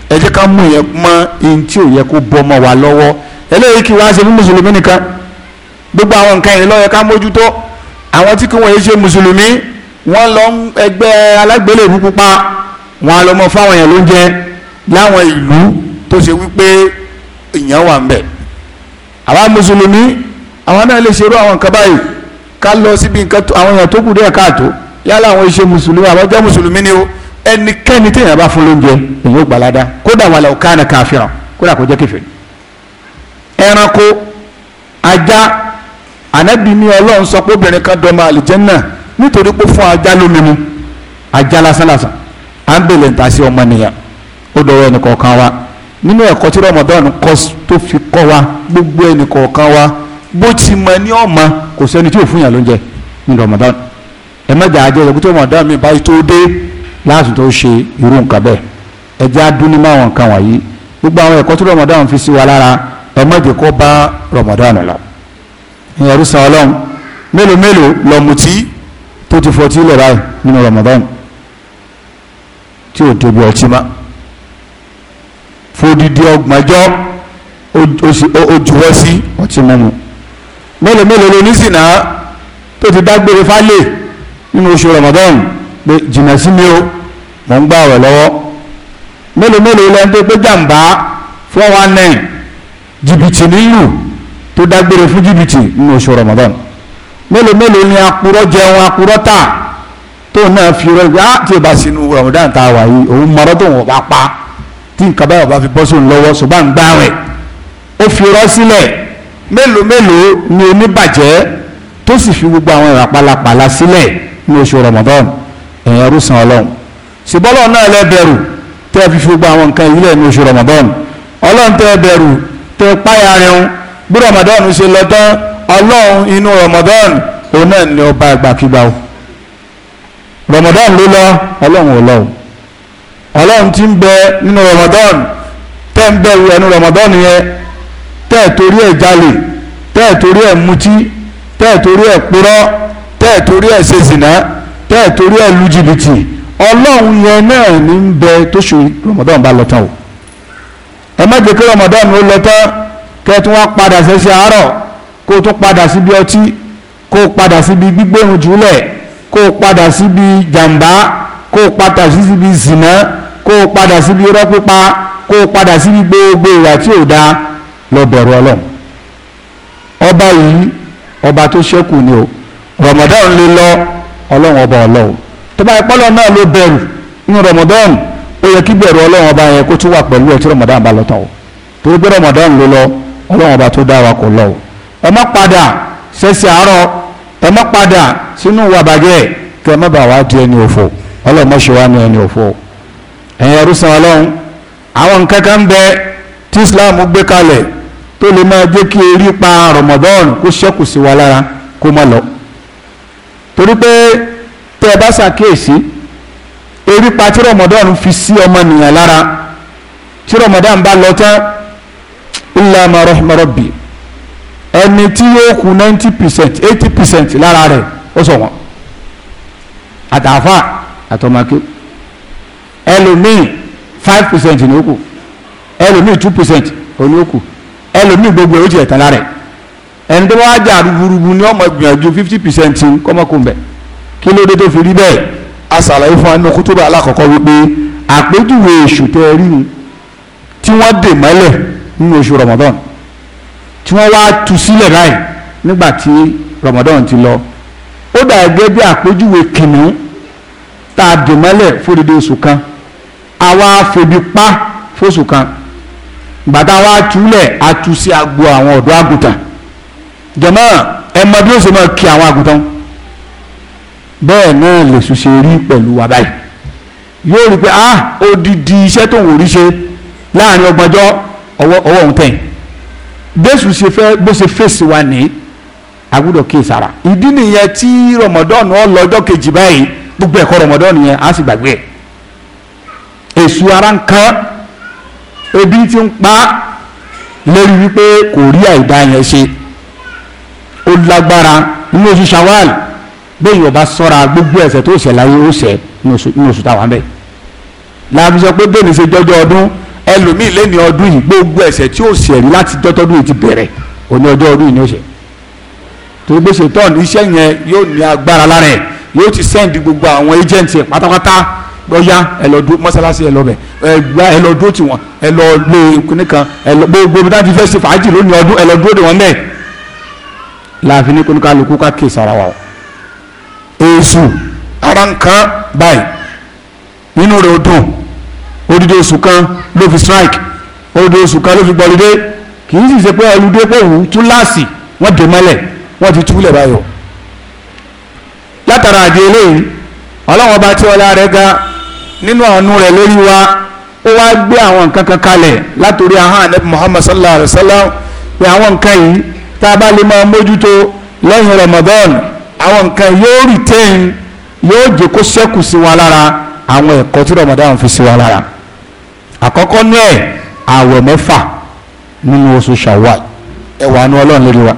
ẹ jẹ́ ká mú yẹn mọ́ ihun tí ò yẹ kó bọ́ ọmọ wa lọ́wọ́ eléyìí kí wàá ṣe fún mùsùlùmí nìkan gbogbo àwọn nǹkan yìí ló yẹ ká mójútó àwọn tí kò wọ́n yẹ ṣe mùsùlùmí wọ́n lọ ẹgbẹ́ alágbélébú pupa wọn a lọ mọ fáwọn yẹn lóúnjẹ láwọn ìlú tó ṣe wípé èèyàn wà ń bẹ̀ àwa mùsùlùmí àwọn náà lè ṣerú àwọn nǹkan báyìí ká lọ síbi nǹkan àwọn èèyàn tó kù díẹ̀ káàtó yálà àwọn iṣẹ́ mùsùlùmí àbájá mùsùlùmí ni o ẹnikẹ́ni téèyàn bá fún lóúnjẹ èyí ó gbalada kódà wàlẹ̀ òkàna kàfíà kódà kó jẹ́ kẹfẹ́ ẹranko ajá ànábì ní ọlọ́run sọ pé obìnrin kan dọ́mọ àlìjẹ́nà nítorí pé fún ajá lómi mu ajá lásánlásán à ń bèlè níta sí ọmọ nìyà ó dọwọ́ ẹnìkọ̀ọ̀kan wa nínú ẹ̀kọ́ tí Ramadan kọ́ tó fi kọ́ wa gbogbo ẹnìkọ̀ọ̀kan wa bó ti mọ ní ọmọ kò sẹ́ni tí ò fún yàn lóúnjẹ ní Ramadan ẹ mẹ́jà ajẹ́ ìjọba tó mọ̀ dá mi báyìí tó dé láti tó ṣe irú nǹkan bẹ́ẹ̀ ẹ jẹ́ adúní mọ́ àwọn nǹkan wọ̀nyí gbogbo àwọn ẹ̀kọ́ tó rọmọdán fi sí wa lára ẹ mẹ́jẹ kó bá rọmọdán lọ. ìyẹn sàn ọlọ́run mélòó mélòó lọ́mùtí tó ti fọtí lẹ̀ báyìí nínú rọmọdán tí ò débi ọtí má fódìdí ọgbọ̀njọ́ ó ọtí mímu mélòó mélòó lóníṣìnà tó ti dágbére fálẹ̀ nínú oṣù Ramadan pé jìnnà sí mi o mò ń gbà ọ̀rọ̀ lọ́wọ́ mélòó mélòó lẹ́nu tó pé jàǹbá four one nine jìbìtì nílùú tó dágbére fún jìbìtì nínú oṣù Ramadan mélòó mélòó ni akurọ jẹun akurọ tà tó náà fi rẹ gbé àti ìbá sínú Ramadan tá a wà yìí òun mọ̀rọ́ tó wọ́n bá pa tí nǹkan báyọ̀ bá fi bọ́ sóun lọ́wọ́ ṣùgbọ́n à ń gbá rẹ̀ ó fi rọ́ sílẹ̀ mélòó mélòó ni oníbàjẹ́ tó sì fi gbogbo àwọn ìràpálapàla sílẹ̀ ní oṣù Ramadan ẹ̀yin arúsàn ọlọ́run ṣùgbọ́n náà lẹ́bẹ̀rù tẹ́ fi fi gba àwọn nǹkan ìbílẹ̀ ní oṣù Ramadan ọlọ́run tẹ́ bẹ̀rù tẹ́ páyà rẹun bí Ramadan ṣe lọ tán ọlọ́run inú Ramadan òun náà ni ọba ìgbàkigbà o Ramadan ló lọ ọlọ́run ò lọ o ọlọ́run ti ń bẹ nínú Ramadan tẹ́ ń bẹ̀rù ẹnu Ramadan yẹn tẹ́ torí ẹ̀ jalè tẹ́ torí ẹ̀ mutí tẹ́ torí ẹ̀ purọ́ tẹ́ ẹ̀ torí ẹ̀ ṣe zìnà tẹ́ ẹ̀ torí ẹ̀ lu jìbìtì ọlọ́run yẹn náà ní ń bẹ tóṣù rọmọdán bá lọ tán o ẹ má jẹ́ kí rọmọdán ó lọ tán kẹ́tún wá padà ṣẹ̀ṣẹ̀ àárọ̀ kó tún padà síbi ọtí kó padà síbi gbígbérun jùlẹ̀ kó padà síbi jàǹbá kó padà síbi zìnà kó padà síbi irọ́ pípa kó padà síbi gbogbo ìwà tí ò dáa lọ bẹ̀rù ọlọ́run ọba yìí ọba tó ṣẹ́kù ni o Ramadan lè lọ ọlọ́run ọba ọlọ́run tó bá ipọ́lọ́ náà ló bẹ̀rù ní Ramadan ó yẹ kí bẹ̀rù ọlọ́run ọba yẹn kó tún wà pẹ̀lú ẹ̀ Ramadan bá lọ́tọ̀ o torí pé Ramadan ló lọ ọlọ́run ọba tó dá wa kò lọ o ọmọ padà ṣẹṣẹ àárọ̀ ọmọ padà sínú ìwà bàjẹ́ kí ọmọ bá wa di ẹni òfò ọlọ́run ṣe wá ní ẹni òfò ẹ̀yin ẹrúsàn ọlọ́run àwọn nǹkan ń bẹ tí Islam gbé kalẹ̀ tó lè máa jẹ́ kí erí pa Ramadan kó ṣẹ́kù sí wa lára kó má lọ torí pé tẹ́ ẹ bá ṣàkíyèsí erípa tí Ramadan fi sí ọmọnìyàn lára tí bá lọ tán ma rahma ẹni tí yóò kú ninety percent eighty percent lára rẹ̀ ó sọ wọn àtàfà àtọmọké ẹlòmíì five percent ní ó kù ẹlòmíì two percent ó kù ẹlòmíì gbogbo ẹ̀ ó jẹ̀ tán ẹni tó wá jà rúburúbu ni ọmọ ìgbìyànjú fifty percent kọ́mọkùnbẹ̀ kí ló dé tó fi rí bẹ́ẹ̀ a ṣàlàyé fún anú kútúbà alákọ̀ọ́kọ́ wípé àpèjúwe èṣù tẹ rí ni tí wọ́n dè mọ́lẹ̀ nínú oṣù Ramadan tí wọ́n wá tú sílẹ̀ báyìí nígbà tí Ramadan ti lọ ó dà gẹ́gẹ́ bí àpèjúwe kìnìún tá a dè mọ́lẹ̀ fódìdí oṣù kan àwa febi pa fóṣù kan gbàtà wa túlẹ̀ a tú sí agbo àwọn ọ̀dọ́ àgùntàn jọ̀mọ́ ẹ mọ bí ó ṣe máa kí àwọn àgùntàn bẹ́ẹ̀ náà lè ṣùṣe rí pẹ̀lú wa báyìí yóò rí pé ah odidi iṣẹ́ tó ń wò rí ṣe láàrin ọgbọ̀njọ́ ọwọ́ òun tẹ̀yìn bẹ́sù ṣe fẹ́ bó ṣe fèsì wa ní agbọ́dọ̀ kí sara ìdí nìyẹn tí rọmọdọ́ọ̀nù ọlọ́jọ́ kejì báyìí gbogbo ẹ̀kọ́ rọmọdọ́ọ̀nù yẹn á sì gbàgbé ẹ̀ èṣù ara ń kan ebi ti ń pa lórí wípé kò rí àìdá yẹn ṣe ó lágbára nínú oṣù Shawwal bẹ́ẹ̀ yóò bá sọ́ra gbogbo ẹ̀ṣẹ̀ tó ṣẹ̀ láyé ó ṣẹ̀ nínú oṣù táwa bẹ́ẹ̀ láàbí sọ pé bẹ́ẹ̀ ní ṣe jọjọ ọdún ẹlòmíì lé ní ọdún yìí gbogbo ẹ̀ṣẹ̀ tí ó ṣẹ̀ rí láti jọ́tọ́dún yìí ti bẹ̀rẹ̀ òní ọjọ́ ọdún yìí ni ó ṣẹ̀ tó gbé ṣetán iṣẹ́ yẹn yóò ní agbára lára ẹ̀ yóò ti sẹ́ǹdì gbogbo àwọn ẹjẹ̀ǹtì ẹ̀ pátápátá lọ́yà ẹlọ́dún mọ́sálásí ẹlọ́bẹ̀ ẹgbà ẹlọ́dún tiwọn ẹlọ́lé kìnìkan ẹlọ́ gbogbo bí dáàbí ṣe fàájì lónìí ọdún ẹlọ́dún òde wọn mẹ́ẹ̀ láàfin ní kóníkàlùkù ká kè sára wa èsù ara nǹkan báyìí nínú rẹ̀ ó dùn odidi oṣù kan ló fi strike odidi oṣù kan ló fi gbọ́lidé kì í sì ṣe pé ọlùdé pé òun tún láàsì wọ́n dè mọ́lẹ̀ wọ́n ti túlẹ̀ báyọ̀ látara àdé eléyìí ọlọ́wọ́n ọba tí ọlá rẹ̀ ga nínú àánú rẹ̀ lórí wa ó wá gbé àwọn nǹkan kan kalẹ̀ látòrí ahọ́n anabi muhammad sallallahu alayhi wa sallam pé àwọn nǹkan yìí tá a bá lè máa mójútó lẹ́yìn Ramadan àwọn nǹkan yóò retain yóò jẹ́ kó ṣẹ́kù sí wa lára àwọn ẹ̀kọ́ tí Ramadan fi sí wa lára àkọ́kọ́ ní ẹ̀ àwẹ̀ mẹ́fà nínú oṣù Shawwal ẹ̀wà ní Ọlọ́run lérí wa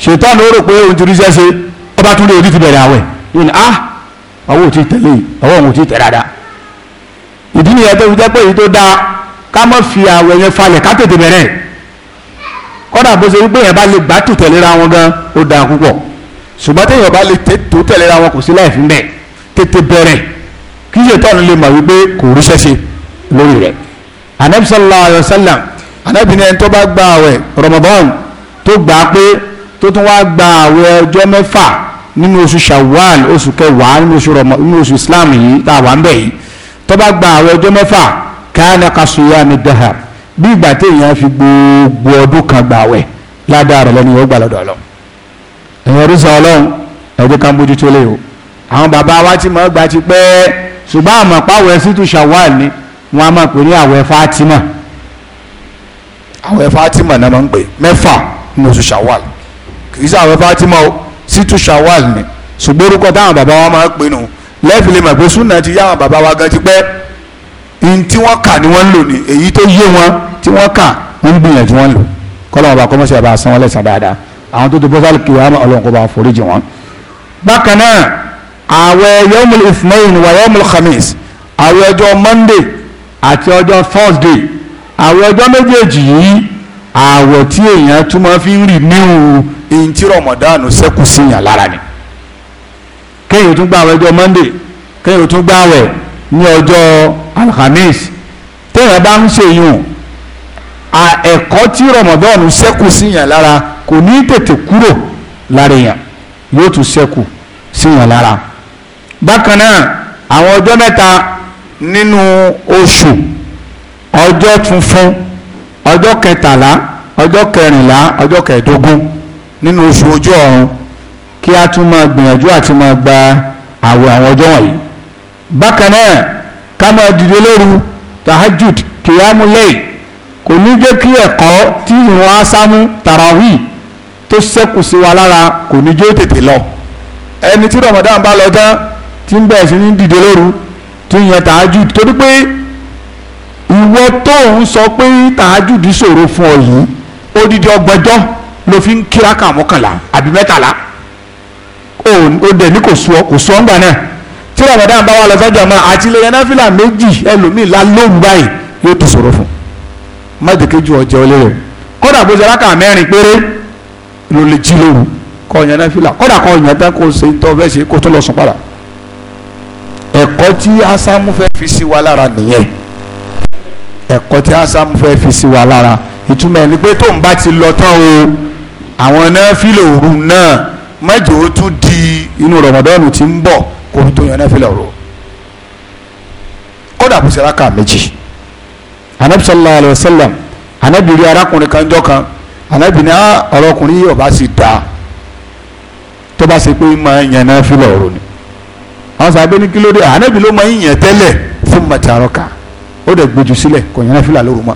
ṣètàn ó rò pé òun ti ríṣẹ́ ṣe ọba tún lè rí ti bẹ̀rẹ̀ àwẹ̀ ah, yìí ni ah àwọn ò tẹ̀lé àwọn òun ò tẹ̀ dáadáa ìdí nìyẹn tó fi jẹ́ pé èyí tó dáa ká má fi àwẹ̀ yẹn falẹ̀ ká tètè bẹ̀rẹ̀ kọ́dà bó ṣe wípé yẹn bá lè gbà tù tẹ̀léra wọn gan ó dáa púpọ̀ ṣùgbọ́n téèyàn bá lè tó tẹ̀léra wọn kò sí láì fún bẹ́ẹ̀ tètè bẹ̀rẹ̀ kí ṣètọ́nù lè mọ̀ wípé kò ríṣẹ́ ṣe lórí rẹ̀ anabi sallallahu alayhi wa sallam anabi ní ẹni tó bá gba àwẹ̀ Ramadan tó gbà á pé tó tún wá gba àwẹ̀ ọjọ́ mẹ́fà nínú oṣù Shawwal oṣù kẹwàá nínú oṣù Islam yìí tá a wà ń bẹ̀ yìí tó bá gba àwẹ̀ ọjọ́ mẹ́fà kana kasiyami dahar bí ìgbà téèyàn fi gbogbo ọdún kan gbààwẹ̀ ládàá rẹ̀ lẹ́nu yóò gbà lọ́dọ̀ ọlọ́run ẹ̀yìn oríṣi ọlọ́run ẹ̀jẹ̀ kan bójútó lé o àwọn bàbá wa ti mọ̀ gba ti pẹ́ ṣùgbọ́n àmọ́ pàwẹ̀ sítú ṣàwọ́à ni wọ́n a máa pè ní àwẹ̀ Fatima àwẹ̀ Fatima náà máa ń pè mẹ́fà ní oṣù ṣàwọ́à kì í ṣe àwẹ̀ Fatima o sítú ṣàwọ́à ni ṣùgbọ́n orúkọ táwọn bàbá wa máa ń pè nù lẹ́ẹ̀fì lè mọ̀ pé súnà ti yá àwọn bàbá wa gan ti pẹ́ n tí wọ́n kà ni wọ́n ń lò ní èyí tó yé wọn tí wọ́n kà wọ́n ń gbìyànjú wọn lò kọ́lọ́mù bá kọ́mọ́sí àbá sanwó lẹ́sàn dáadáa àwọn tó ti bọ́ sálì kí wàhámà ọlọ́run kó bá foríjì wọn. bákan náà àwẹ̀ yọmùl ifnayin wà yọmùl khamis àwẹ̀ ọjọ́ monday àti ọjọ́ thursday àwẹ̀ ọjọ́ méjèèjì yìí àwẹ̀ tí èèyàn tún máa fi ń rì níhùn èyí tí rọmọdánù sẹ́kù síyàn lára ni kéèyàn tún gbàwẹ̀ ọjọ́ monday kéèyàn tún gbàwẹ̀ ní ọjọ́ alhamis téèyàn bá ń ṣe yùn ẹ̀kọ́ tí rọmọdọ́ọ̀nù ṣẹ́kù sí yàn lára kò ní tètè kúrò lára yàn yóò tún ṣẹ́kù sí yàn lára bákan náà àwọn ọjọ́ mẹ́ta nínú oṣù ọjọ́ tuntun ọjọ́ kẹtàlá ọjọ́ kẹrìnlá ọjọ́ kẹẹ̀dógún nínú oṣù ojú ọ̀run kí a tún máa gbìyànjú àti máa gba àwẹ̀ àwọn ọjọ́ wọ̀nyí bákan náà ká máa dìde lóru tahajud kìyàmù lẹ́yìn kò ní jẹ́ kí ẹ̀kọ́ tí ìwọ̀n ásámú tarawih tó ṣẹ́kù sí wa lára kò ní tètè lọ ẹni tí ramadan bá lọ tán tí ń bẹ̀rẹ̀ sí ní dìde lóru tí ń yan tahajud torí pé ìwọ tó ń sọ pé tahajud ṣòro fún ọ yìí odidi ọgbọ̀njọ́ ló fi ń kíra kà mọ́kànlá àbí mẹ́tàlá ó dẹ̀ ní kò sọ ọ́ ń náà tí ramadan bá wà lọ sọ́jọ́ ọmọ àti ilé yanáfílà méjì ẹlòmíì lálóhùn báyìí yóò tó sọ̀rọ̀ fún májèkéjì ọjọ́ olérò kódà bó ṣe rákà mẹ́rin péré ló lè jí lóru kọ yanáfílà kódà kọ yàtá kó ṣe ń tọ́ fẹ́ ṣe kó tó lọ sùn padà ẹ̀kọ́ tí asámú fẹ́ fi sí wa lára nìyẹn ẹ̀kọ́ tí asámú fẹ́ fi sí wa lára ìtumọ̀ ẹni pé tóun bá ti lọ tán o àwọn náà òru náà mẹ́jọ tún di inú rọ̀mọ̀dọ́nù ti ń bọ̀ kó fi tó yan náfìlà rò kódà kò sí raka méjì anabi sallallahu alayhi wa sallam anabi rí arákùnrin kan jọ kan anabi ní ah, ọ̀rọ̀kùnrin yìí ọba sì dáa tó bá ṣe pé máa ń yan náfìlà rò ni àwọn sábẹ́ ní kí ló dé anabi ló máa ń yan tẹ́lẹ̀ fún mọ̀tàrọ̀kà ó dẹ̀ gbójú sílẹ̀ kò yan náfìlà lóru mọ́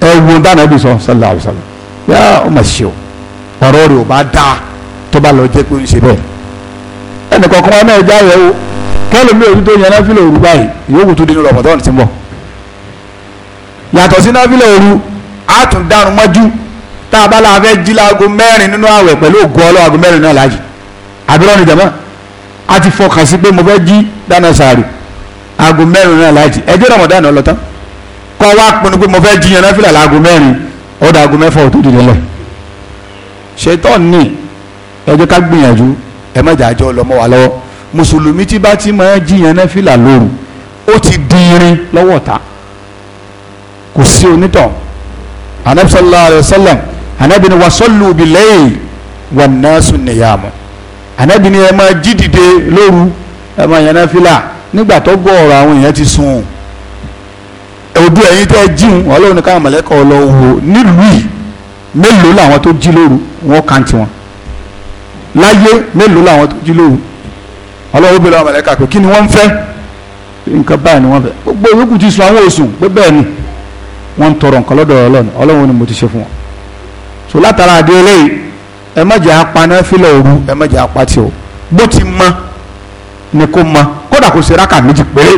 ẹ̀wù dáná sọ sallallahu alayhi wa sallam yá ọ ṣe o ọ̀rọ̀ rẹ̀ ò bá dáa tó bá lọ jẹ́ pé ń ṣe bẹ́ẹ̀ ẹnì kọ̀ọ̀kan wa náà jáyẹ̀ o kẹ́lò mi òjú tó yẹn náfìlẹ̀ òru báyìí ìyókù tó dínú rọ̀mọ̀tọ́ọ̀nù ti ń bọ̀ yàtọ̀ sí náfìlẹ̀ òru àtúndàrún mọ́jú tá a bá la fẹ́ jí láago mẹ́rin nínú àwẹ̀ pẹ̀lú ògùn ọlọ́ mẹ́rin náà láàyè àbúrò ni jàmọ́ a ti fọkàn sí pé mo fẹ́ jí dáná sàárì aago mẹ́rin náà láàyè ẹjẹ́ rọ̀mọ̀dánù ọlọ́tán kọ́ wa pinnu pé mo fẹ́ jí yẹn náfìlẹ̀ láago mẹ́rin ọ̀dọ̀ aago mẹ́fà òtún dìde ṣètọ́ ni ẹ jẹ́ ká gbìyànjú ẹ má jàjọ lọ́mọ wa lọ́wọ́ mùsùlùmí tí bá ti máa jiyàn náà fìlà lóru ó ti dín irin ta kò sí onítàn anabi sallallahu alayhi wa sallam anabi ni wasallu bilayl wan nasu niyamu anabi ni ẹ máa jí dìde lóru ẹ máa yàn náà fìlà nígbà tó gbọ́ ọ̀rọ̀ àwọn èèyàn ti sùn ojú ẹ̀yin tẹ́ jíun ọlọ́run ní káwọn mọ̀lẹ́kọ̀ lọ wò nílùú yìí mélòó làwọn tó jí lóru wọn kàn tiwọn láyé mélòó làwọn tó jí lóru ọlọ́wọ́ bẹ̀rẹ̀ àwọn mẹ̀lẹ́kà pé kí ni wọ́n ń fẹ́ nǹkan báyìí ni wọ́n fẹ́ gbogbo yòókù ti sùn àwọn òsùn pé bẹ́ẹ̀ ni wọ́n ń tọrọ nǹkan lọ́dọ̀ ọlọ́run ọlọ́run ni mo ti ṣe fún wọn. so látara àdé eléyìí ẹ má jẹ́ apaná fílẹ̀ òru ẹ má jẹ́ apatí o bó ti mọ ni kò mọ kódà kò ṣe rákà méjì péré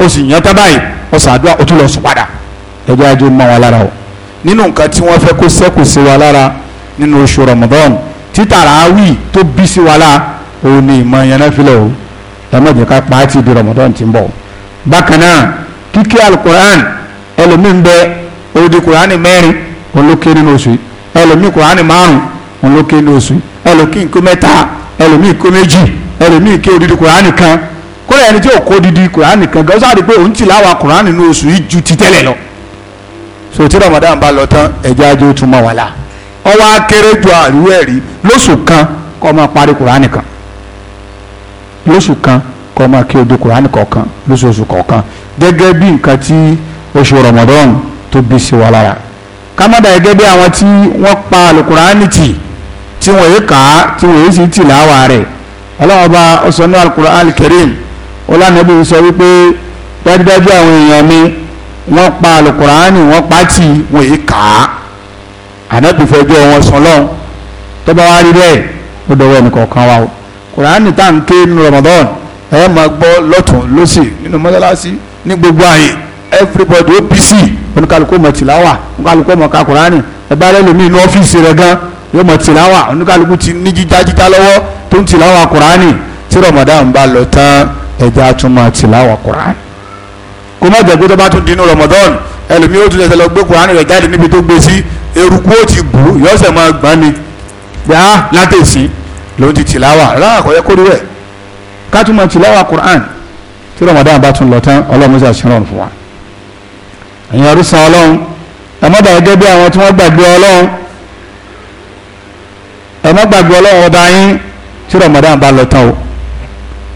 o sì yàn tá báyìí o ṣàdúrà o tún lọ sùn padà ẹjọ́ ajé mọ́ wa o nínú nǹkan tí wọ́n fẹ́ kó sẹ́kù sí Ramadan títàràwì tó bí sí wa láà òun ni ìmọ̀ yẹn náà filẹ̀ o ẹ má jẹ́ ká pa á ti di Ramadan ti ń bọ̀ bákan náà kíkẹ́ alukur'an ẹlòmíín bẹ odi kur'ani mẹ́rin òun ló kéré ní oṣù yìí ẹlòmíín kur'ani márùn òun ló kéré ní oṣù yìí kó mẹ́ta ẹlòmíín kó méjì ẹlòmíín ké odidi kur'ani kan kódà ẹni tí ò kó odidi kur'ani kan gan sáré pé òun ti láwa kur'ani ní oṣù yìí ju ti tẹ́lẹ̀ lọ so tí Ramadan bá lọ tán ẹ̀jẹ̀ ajé ó tún mọ́ wàhálà ọwọ́ akéré ju àríwá ẹ̀rí lóṣù kan kọ́ máa parí kùránì kan lóṣù kan kọ́ máa kí odò kùránì kọ̀ọ̀kan lóṣooṣù kọ̀ọ̀kan gẹ́gẹ́ bí nǹkan tí oṣù rọmọdọ́n tó bí sí wa lára kámọ́dà gẹ́gẹ́ bí àwọn tí wọ́n pa alukùránì tì tí kà á tí wọ́n yé tì láwà rẹ̀ ọlọ́wọ́n bá ní alukùránì kẹrin sọ wípé dájúdájú àwọn èèyàn mi wọ́n pa alukùránì wọ́n pa tì wọ́n yé kà á. ànábì fẹjọ́ wọn sùn lọ́hùn tó bá wá rí bẹ́ẹ̀ ó dọwọ́ ẹnìkọ̀ọ̀kan wa o kùránì tá à ń ké nínú Ramadan ẹ máa gbọ́ lọ́tún lọ́sì nínú mọ́sálásí ní gbogbo àyè everybody ó bí sí oníkàlùkù mọ̀ tìláwà oníkàlùkù mọ̀ ká kùránì ẹ bá rẹ lómi inú ọ́fíìsì rẹ gan yóò mọ̀ tìláwà oníkàlùkù ti ní jíjá jíjá lọ́wọ́ tó ń tìláwà kùránì tí Ramadan bá lọ tán ẹja tún máa tìláwà kùránì kó má jẹ́ pé tó bá tún dinú Ramadan ẹlòmí ó tún ṣẹ̀ṣẹ̀ lọ gbé kuraani rẹ̀ jáde níbi tó gbé sí eruku ó ti bù ú yọ̀ọ́sẹ̀ máa gbọ́n ni gbà á látẹ̀sí ló ti tìláwà rárá kò yẹ kó rí rẹ̀ ká tún máa tìláwà kuraani tí Ramadan bá tún lọ tán Ọlọ́run ṣe àṣírọ̀rùn fún wa ẹ̀yin arúsàn Ọlọ́run ẹ má bàa gẹ́gẹ́ bí àwọn tí wọ́n gbàgbé Ọlọ́run ẹ má gbàgbé Ọlọ́run ọba yín tí Ramadan bá lọ tán o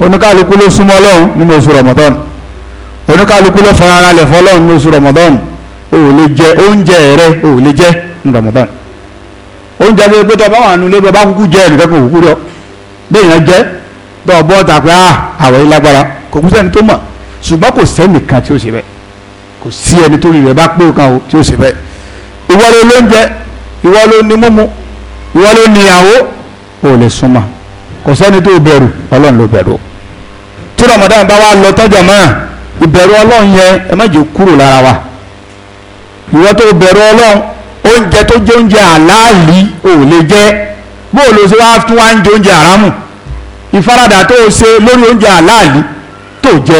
oníkálukú ló súnmọ́ Ọlọ́run nínú oṣù Ramadan oníkálukú ló fara ara lẹ̀ fọlọ́run ní oṣù ramadan o ò lè jẹ oúnjẹ rẹ o ò lè jẹ ní ramadan oúnjẹ ló gbé tọ́ bá wà nínú ilé bá kúkú jẹ ẹnìkan kò kúkú rọ bẹ́ẹ̀ yẹn jẹ́ tọ́ ọ bọ́ ta pé ah, àwọ̀ yìí lágbára kò kú sẹ́ni tó mọ̀ ṣùgbọ́n kò sẹ́nìkan tí ó ṣe bẹ́ẹ̀ kò sí ẹni tó rí rẹ̀ bá pé kan o tí ó ṣe bẹ́ẹ̀ ìwọ ló lóúnjẹ ìwọ ló ní mímu ìwọ ló ní ìyàwó o lè súnmọ́ kò sẹ́ni tó bẹ̀rù ọlọ́run ló bẹ̀rù tí ramadan bá wà lọ tọ́jà mọ́ ìbẹ̀rù ọlọ́run yẹn ẹ má jẹ́ kúrò lára wa ìwọ tó bẹ̀rù ọlọ́run oúnjẹ tó jẹ́ oúnjẹ àláàlì ò lè jẹ bóò ló ṣe wá tún wá ń jẹ oúnjẹ àrámù ìfaradà tó o ṣe lórí oúnjẹ àláàlì tó jẹ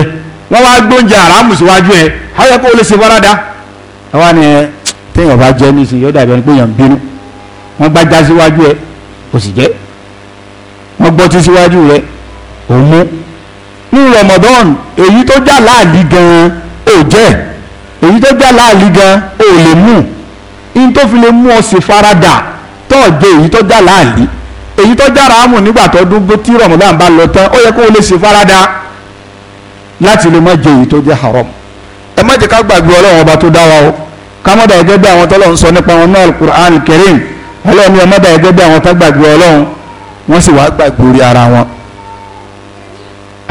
wọ́n wá gbé oúnjẹ àrámù síwájú ẹ ayọ̀ pé o lè ṣe faradà àwa ni ẹ téèyàn bá jẹ nísìnyí yóò dàbí ẹni pé èèyàn ń bínú wọ́n gbá já síwájú ẹ kò sì jẹ wọ́n gbọ́tí síwájú rẹ òun mú nínú Ramadan èyí tó já láàlì gan ò jẹ́ èyí tó já láàlì gan ò lè mú in tó fi lè mú ọ sì faradà tó èyí tó já láàlì èyí tó já ràámù nígbà tó dúgbò tí Ramadan bá lọ tán ó yẹ kó o lè sì farada láti lè má jẹ èyí tó jẹ haram ẹ má jẹ ká gbàgbé Ọlọ́run ọba tó o bí àwọn sọ nípa wọn náà quran Ọlọ́run ni bí àwọn tó gbàgbé Ọlọ́run wọn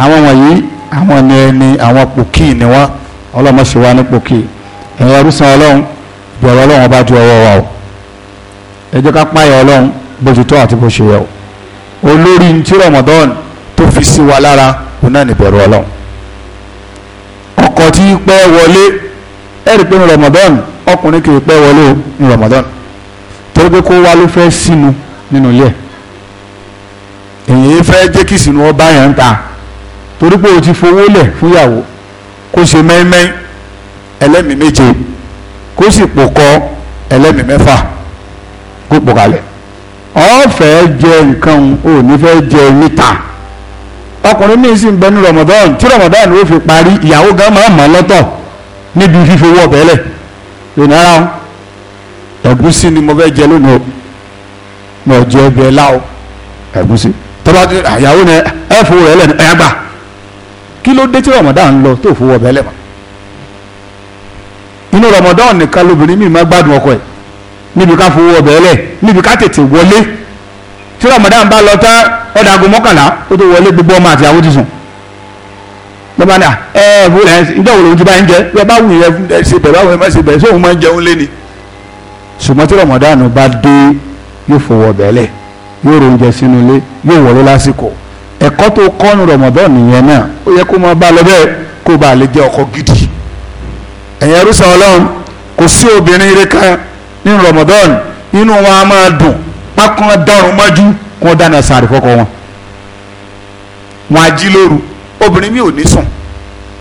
àwọn wọ̀nyí àwọn ni ẹni àwọn pòkì ni wọ́n ọlọ́mọ sì wá ní pòkì ẹ̀yin ọdúnṣan ọlọ́run bẹ̀rẹ̀ ọlọ́run ọba ju ọwọ́ wa o ẹ jẹ́ ká páyà ọlọ́run bójútó àti bó ṣe yẹ o olórí ntí Ramadan tó fi sí wa lára òun náà ní bẹ̀rẹ̀ ọlọ́run ọkọ̀ tí pẹ́ wọlé ẹ̀rí pé ní Ramadan ọkùnrin kì í pẹ́ wọlé o ní Ramadan torí pé kó wá ló fẹ́ sínú nínú ilé èyí fẹ́ jẹ́ kí ọba yẹn ń ta torí pé o ti fowó lẹ̀ fúyàwó kó ṣe mẹ́ẹ́mẹ́ẹ́ ẹlẹ́mìí méje kó sì pò kọ́ ẹlẹ́mìí mẹ́fà kó pò kalẹ̀ ọ̀fẹ́ jẹ nǹkan ò ní fẹ́ jẹ níta ọkùnrin míì sì ń bẹ ní Ramadan tí Ramadan ó fi parí ìyàwó gan máa mọ̀ lọ́tọ̀ níbi fífowó ọ̀bẹ lẹ̀ ìnára ẹ̀gúsí ni mo fẹ́ jẹ lónìí o mo jẹ ọbẹ̀ láò ẹ̀gúsí tọ́ba àyàwó ni ẹ̀ fowó rẹ̀ lẹ̀ ẹ̀yà gbà kí ló dé tí Ramadan lọ tó fowó ọbẹ̀ lẹ́mọ̀ inú Ramadan nìkan lóbìnrin mi máa gbádùn ọkọ ẹ̀ níbi ká fowó ọbẹ̀ lẹ̀ níbi ká tètè wọlé tí Ramadan bá lọ tán ọ̀dà aago mọ́kànlá ó tó wọlé gbogbo ọmọ àti àwọn ti sùn lọ́ba ní à ẹ ẹ fún ẹ ǹjẹ́ òun lòun ti bá ń jẹ bí ẹ bá wù yẹn ẹ ṣe bẹ̀ báwo ẹ má ṣe bẹ̀ sóun máa ń jẹun lé ni. ṣùgbọ́n tí Ramadan bá dé yóò fowó ọbẹ̀ lẹ̀ yóò ro ẹ̀kọ́ tó kọ́nu rọ̀mọ̀dán nìyẹn náà ó yẹ kó máa bá lọ bẹ́ẹ̀ kó bá lè jẹ́ ọkọ gidi ẹ̀yin ẹrúsàn ọlọ́run kò sí obìnrin ire kan nínú rọ̀mọ̀dán inú wọn a máa dùn pákán dárun mọ́jú kó dáná sàárì fọ́kọ wọn wọn á jí lóru obìnrin mi ò ní sùn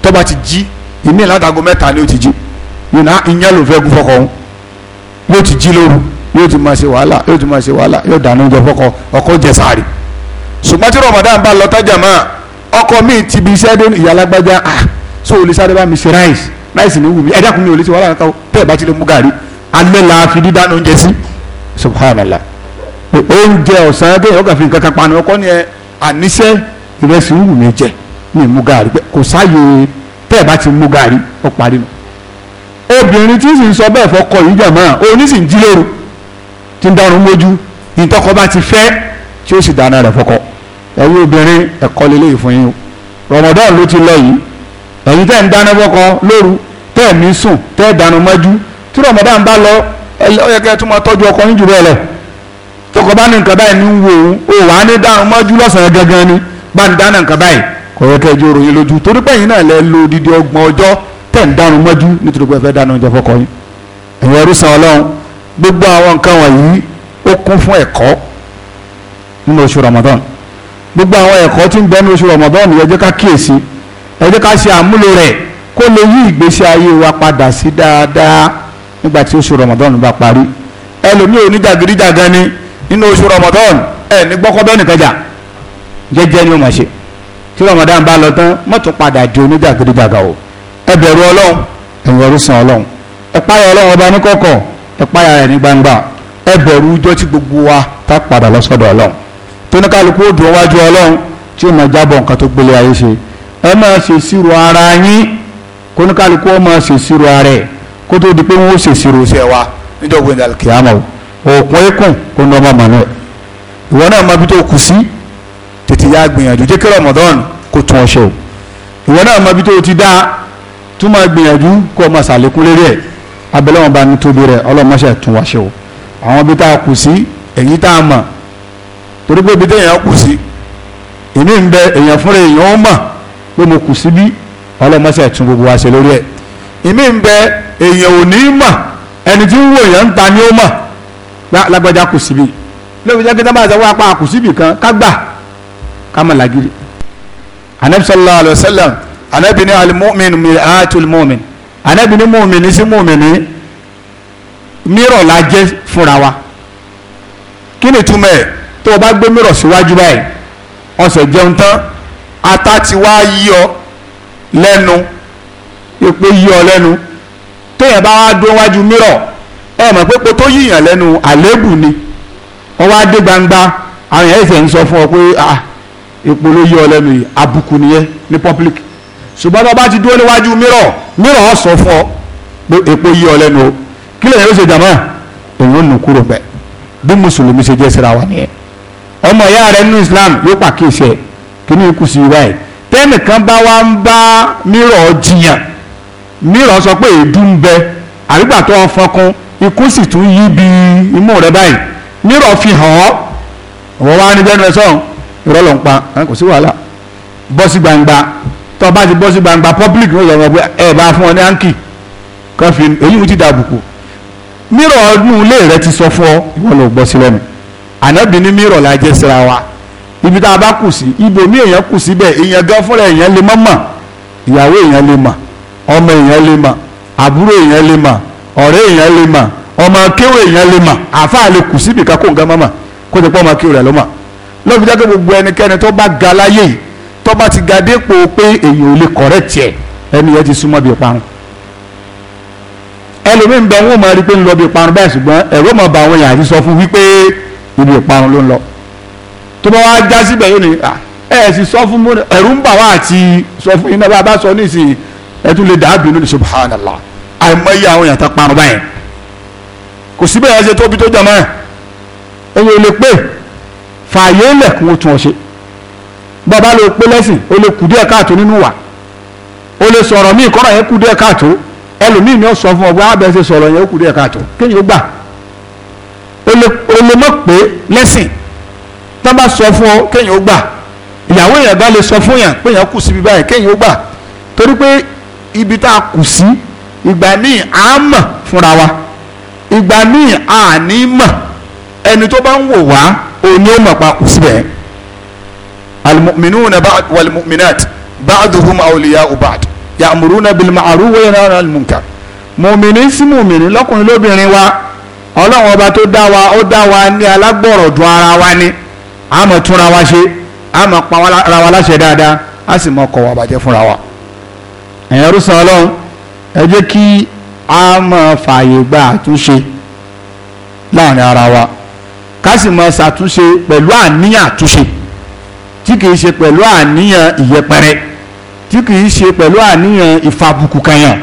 tó bá ti jí ìmí látago mẹ́ta ni ó ti jí yìnyín ah, ìyẹn ló fẹ́ gún fọ́kọ òun yóò ti jí lóru yóò ti máa ṣe wàhálà yóò ti máa ṣe wàhálà yóò dáná ṣùgbọ́n tí Ramadan bá lọ tájà máa ọkọ mi ti bi iṣẹ́ dé ìyálágbájá ah so olè sáré bá mi ṣe ráìsì ráìsì mi wù mí ẹ̀dá kun mi ò lè ṣe wàhálà kankan bẹ́ẹ̀ bá ti lè mú gàrí alẹ́ la fi dídá oúnjẹ sí subhanallah oúnjẹ ọ̀sán bẹ́ẹ̀ ọ̀gá fi nǹkan kan panu ọkọ ni ẹ àníṣe ìrẹsì ń wù mí jẹ ní mú gàrí kò sáyè bẹ́ẹ̀ bá ti mú gàrí ó parí nu obìnrin tí sì ń sọ bẹ́ẹ̀ fọkọ yìí jàmọ́ òní sì ń jí lóru ti ń darun mójú ìtọ́kọ bá ti fẹ́ tí ó sì dáná rẹ̀ fọkọ ẹ̀yin obìnrin ẹ̀kọ́ lélẹ̀ yìí yín o Ramadan ló ti lọ yìí ẹ̀yin tẹ́ ń dáná fọ́kọ lóru tẹ́ ẹ̀ sùn tẹ́ ẹ̀ mọ́jú tí Ramadan bá lọ ẹ̀yẹ́kẹ́ tó máa tọ́jú ọkọ yín jù bẹ́ẹ̀ lọ tọkọ bá ní nǹkan báyìí ní wo òun ò wá ní dànù mọ́jú lọ́sàn-án gangan ni bá ń dáná nǹkan báyìí kò yẹ kẹ́ ẹ jẹ́ oròyìn lójú torí pé ẹ̀yin náà lẹ lo odidi ọgbọ̀n ọjọ́ tẹ̀ ń dánu mọ́jú nítorí pé ẹ fẹ́ dánu ọjọ́ fọkọ yín ẹ̀yin ẹrúsàn ọlọ́run gbogbo àwọn nǹkan wọ̀nyí ó kún fún ẹ̀kọ́ nínú oṣù Ramadan gbogbo àwọn ẹ̀kọ́ tí ń bẹ́nu oṣù Ramadan ẹ jẹ́ ká kíyèsí ẹ jẹ́ ká ṣe àmúlò rẹ̀ kó lè yí ìgbésí ayé wa padà sí dáadáa nígbà tí oṣù Ramadan bá parí ẹlòmíì oníjàgídíjàgan ni nínú oṣù Ramadan ẹ ní gbọ́kọ́ bẹ́ẹ̀ nìkan jà jẹ́jẹ́ ni ó máa ṣe tí Ramadan bá lọ tán má tún padà di oníjàgídíjàgan o ẹ bẹ̀rù Ọlọ́run ẹ̀yìn ọ̀rùsàn Ọlọ́run ẹ páyà Ọlọ́run tó ní kálukú ó dùn wájú ọlọ́run tí ó máa jábọ̀ nǹkan tó gbélé ayé ṣe ẹ máa ṣèṣirò ara yín kó ó máa ṣèṣirò ara ẹ̀ kó tó di pé wọ́n ó ṣèṣirò iṣẹ́ wa níjọ́ gbé ìdàlù kìámà o òkun ekun kó ní ọmọ màmá ẹ̀ ìwọ náà mọ ibi tó kù sí tètè yá gbìyànjú jẹ́ kí Ramadan kó tún ọ ṣe o ìwọ náà mọ ibi tó ti dá tún máa gbìyànjú kó o máa ṣàlékún lérí ẹ̀ abẹ́lẹ́wọ̀n bá ní tóbi rẹ̀ ọlọ́mọṣẹ́ tún wá o àwọn ibi tá a kù sí èyí tá a mọ̀ torí pé ibi téèyàn kù sí ìní ń bẹ èèyàn fúnra èèyàn ó pé mo kù sí bí ọlọ́mọṣẹ́ tún gbogbo wa ṣe lórí ẹ̀ ìní ń bẹ èèyàn ò ní mà ẹni tí ń wò èèyàn ń ta ni ó mà lágbájá kù sí bí lóbi jẹ́ kí tá bá ṣe wá pa kù síbì kan ká gbà ká mọ̀ alayhi wa sallam anabi ni alimumin mir'atul mumin anabi ni mumini si mumini mirọ̀ la jẹ́ fúnra wa kí ni túmọ̀ ẹ̀ tó o bá gbé mìíràn síwájú báyìí ọ̀sẹ̀ jẹun tán ata ti wá yí ọ lẹ́nu ìpè yí ọ lẹ́nu téèyàn bá wá dún wájú mìíràn ẹ mọ̀ pé tó yíyàn lẹ́nu àléébù ni wọ́n wá dé gbangba àwọn èèyàn ẹ̀sẹ̀ ń sọ fún ọ pé ah ló yí ọ lẹ́nu yìí àbùkù nìyẹn ní public ṣùgbọ́n bá bá ti dúró níwájú mìíràn mìíràn ọ̀ sọ fún ọ pé epo yí ọ lẹ́nu o kí lèyìn ó ṣe jàmọ́ òun ò nù kúrò bẹ́ẹ̀ bí mùsùlùmí ṣe jẹ́ síra wa nìyẹn ọmọ ìyá rẹ nínú Islam yóò pàkíyèsí ẹ kí ni ikú sí i báyìí tẹ́nìkan bá wá ń bá mírọ̀ jiyàn mírọ̀ sọ pé èédú ń bẹ àrígbà tó ọ fọkún ikú sì tún yí bí imú rẹ báyìí mírọ̀ fi hàn ọ́ ọ̀wọ́ wa ní bẹ́ẹ̀ sọ̀rọ̀ irọ́ ló ń pa kò sí wàhálà bọ́ sí gbangba tó bá ti bọ́ sí gbangba public ló yọ̀ pé ẹ bá fún ọ ní áńkì kan fi èyí ti dàbùkù mírọ̀ ọdún ilé rẹ ti sọ fún ọ ìwọ ló gbọ́ sí lẹ́nu ànábì ní mírọ̀ la jẹ́ síra wa ibi tá a bá kù sí ibòmí èèyàn kù síbẹ̀ èèyàn gan fúnra èèyàn lè mọ́ mọ̀ ìyàwó èèyàn lè mọ̀ ọmọ èèyàn lè mọ̀ àbúrò èèyàn lè mọ̀ ọ̀rẹ́ èèyàn lè mọ̀ ọmọ kéwò èèyàn lè mọ̀ àáfàá lè kù síbi kakó nǹkan mọ́ mọ̀ kó ti pọ́ ọmọ kéwò rẹ̀ ló mọ̀ lọ́bi jẹ́ pé gbogbo ẹnikẹ́ni tó bá ga láyé yìí tó bá ti ga dépò pé èèyàn ò lè kọ̀rẹ́ tiẹ̀ ẹni yẹn ti súnmọ́ bí parun ẹlòmíín bẹ wọn ò máa rí pé ń lọ bí parun báyìí ṣùgbọ́n ẹ̀rọ mọ̀ bá àwọn èèyàn àti sọ fún wípé ibi ìparun ló ń lọ tó bá wá já síbẹ̀ yóò ní ẹ sì sọ fún mọ́nà ẹ̀rù ń bà wá àti sọ fún iná bá a bá sọ nísìnyí ẹ tún lè dàbí inú ní subhanallah àìmọye àwọn yàtọ̀ parun báyìí kò síbẹ̀ yẹn ṣe tóbi tó jọmọ́ ẹ̀ ẹ̀yìn ò lè pè fààyè ńlẹ̀ kí wọ́n tún ọ ṣe bàbá lè pé lẹ́sìn ó lè kù díẹ̀ káàtó nínú wà ó lè sọ̀rọ̀ míì kọ́rọ̀ yẹn kù díẹ̀ káàtó ẹlòmíì ni ó sọ fún ọ bá bẹ́ẹ̀ ṣe sọ̀rọ̀ yẹn ó kù díẹ̀ káàtó kéèyàn gbà ó lè o lè mọ̀ pé lẹ́sìn tó bá sọ fún ọ kéèyàn ó gbà ìyàwó èèyàn bá lè sọ fún yàn pé èèyàn kù síbi báyìí kéèyàn ó gbà torí pé ibi tá a kù sí ìgbà míì à mọ̀ fúnra wa ìgbà míì à ní mọ̀ ẹni tó bá ń wò wá òní ó mọ̀ pa kù síbẹ̀ alimuminuna walimuminat ba'duhum awliya'u ba'd ya'muruna bil na wa yanhauna 'anil munkar mùmìnì sí mùmìnì lọ́kùnrin lóbìnrin wa ọlọ́run ọba tó dá wa ó dá wa ní alágbọ̀rọ̀dùn ara wa ni a mọ̀ túnra wa ṣe a mọ̀ pa ara wa láṣẹ dáadáa a sì mọ̀ kọ̀ wá bàjẹ́ fúnra wa ẹ̀yin ọ̀rùsàn ọlọ́run ẹ jẹ́ kí a mọ̀ fààyè gba àtúnṣe láàrin ara wa ká sì mọ̀ ṣàtúnṣe pẹ̀lú àníyàn àtúnṣe tí kìí ṣe pẹ̀lú àníyàn ìyẹpẹrẹ tí kìí ṣe pẹ̀lú àníyàn ìfàbùkù kanyàn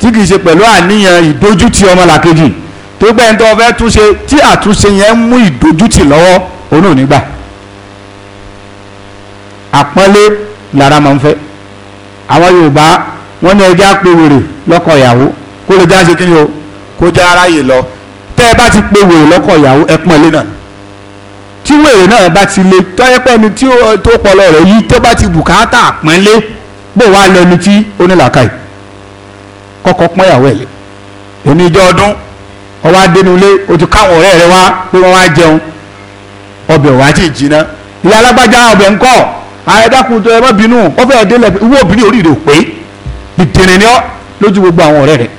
tí kìí ṣe pẹ̀lú àníyàn ìdójútì ọmọlàkejì tó gbẹ́yìn tó fẹ́ túnṣe tí àtúnṣe yẹn mú ìdójútì lọ́wọ́ òun ò ní gbà àpọ́nlé lára máa ń fẹ́ àwọn Yorùbá wọ́n ní ẹjẹ́ àpè wèrè lọ́kọ ìyàwó kó lè jáde kí ni o kó já aráyè lọ tẹ́ ẹ bá ti pe wèrè lọ́kọ ìyàwó ẹ pọ́nlé náà tí wèrè náà bá ti lé tọ́yẹ́pẹ́ ni tí tó pọlọ rẹ̀ yí tó bá ti bùkátà àpọ́nlé bó wàá lọ ẹni tí ó ní làákàyè kọ́kọ́ pọ́n ìyàwó ẹ̀ lé oníjọ́ ọdún ọwọ́ adénúlé o ti káwọn ọ̀rẹ́ rẹ wá pé wọ́n wá jẹun ọbẹ̀ wá ti jìnnà ilé alágbájá ọbẹ̀ ńkọ́ ààrẹ ah, dákun tó ẹ má bínú wọ́n fẹ́ẹ́ délẹ̀ owó obìnrin orí rẹ̀ ò pé ìdènà ni ọ́ lójú gbogbo àwọn ọ̀rẹ́ rẹ̀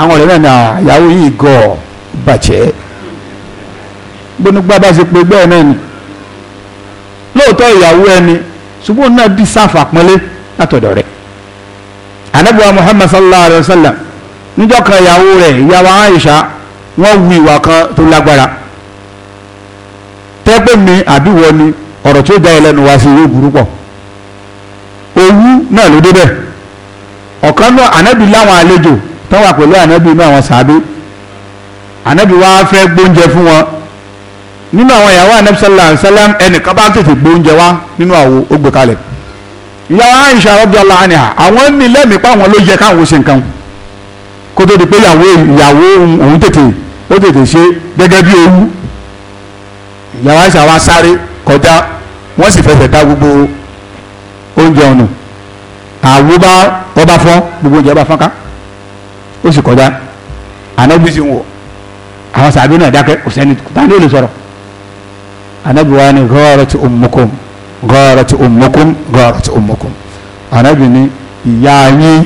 àwọn ọ̀rẹ́ rẹ̀ náà ah, ìyàwó yìí gọ̀ bàjẹ́ gbónúgbà bá ṣe pé bẹ́ẹ̀ náà ni lóòótọ́ ìyàwó ẹni ṣùgbọ́n náà dì sáfà pọ́nlé látọ̀dọ̀ rẹ̀ anábìwá Muhammad sallallahu alayhi wa sallam níjọ́ kan ìyàwó rẹ̀ ìyàwó Àìṣà wọ́n wu ìwà kan tó lágbára tẹ́gbẹ́ mi àbíwọ ni ọ̀rọ̀ tí ó dá ẹlẹ́nu wá sí yóò burú pọ̀ owú náà ló débẹ̀ ọ̀kan náà ànábì láwọn àlejò tó wà pẹ̀lú ànábì inú àwọn sàábé ànábì wá fẹ́ gbóúnjẹ fún wọn nínú àwọn ìyàwó ànábì sallallahu alaihi wasallam ẹnìkan bá tètè gbóúnjẹ wá nínú àwo ó gbé kalẹ̀ ìyàwó Àìṣà radiyallahu anha àwọn ní lẹ́mìí pa ló yẹ káwọn ṣe nǹkan kó tó di pé ìyàwó ìyàwó òun tètè ó tètè ṣe gẹ́gẹ́ bí owú ìyàwó àṣà wa sáré kọjá wọ́n sì fẹsẹ̀ ta gbogbo oúnjẹ ọ̀nà àwo bá ọba fọ́n gbogbo oúnjẹ ọba fọ́n ká ó sì kọjá ànábi sì ń wọ̀ àwọn sàbí náà dákẹ́ kò sẹ́ni tani ó lè sọ̀rọ̀ ànábi wa ni gọ́ọ̀rọ̀ ti ummukum gọ́ọ̀rọ̀ ti ummukum gọ́ọ̀rọ̀ ti ummukum ànábi ni ìyá yín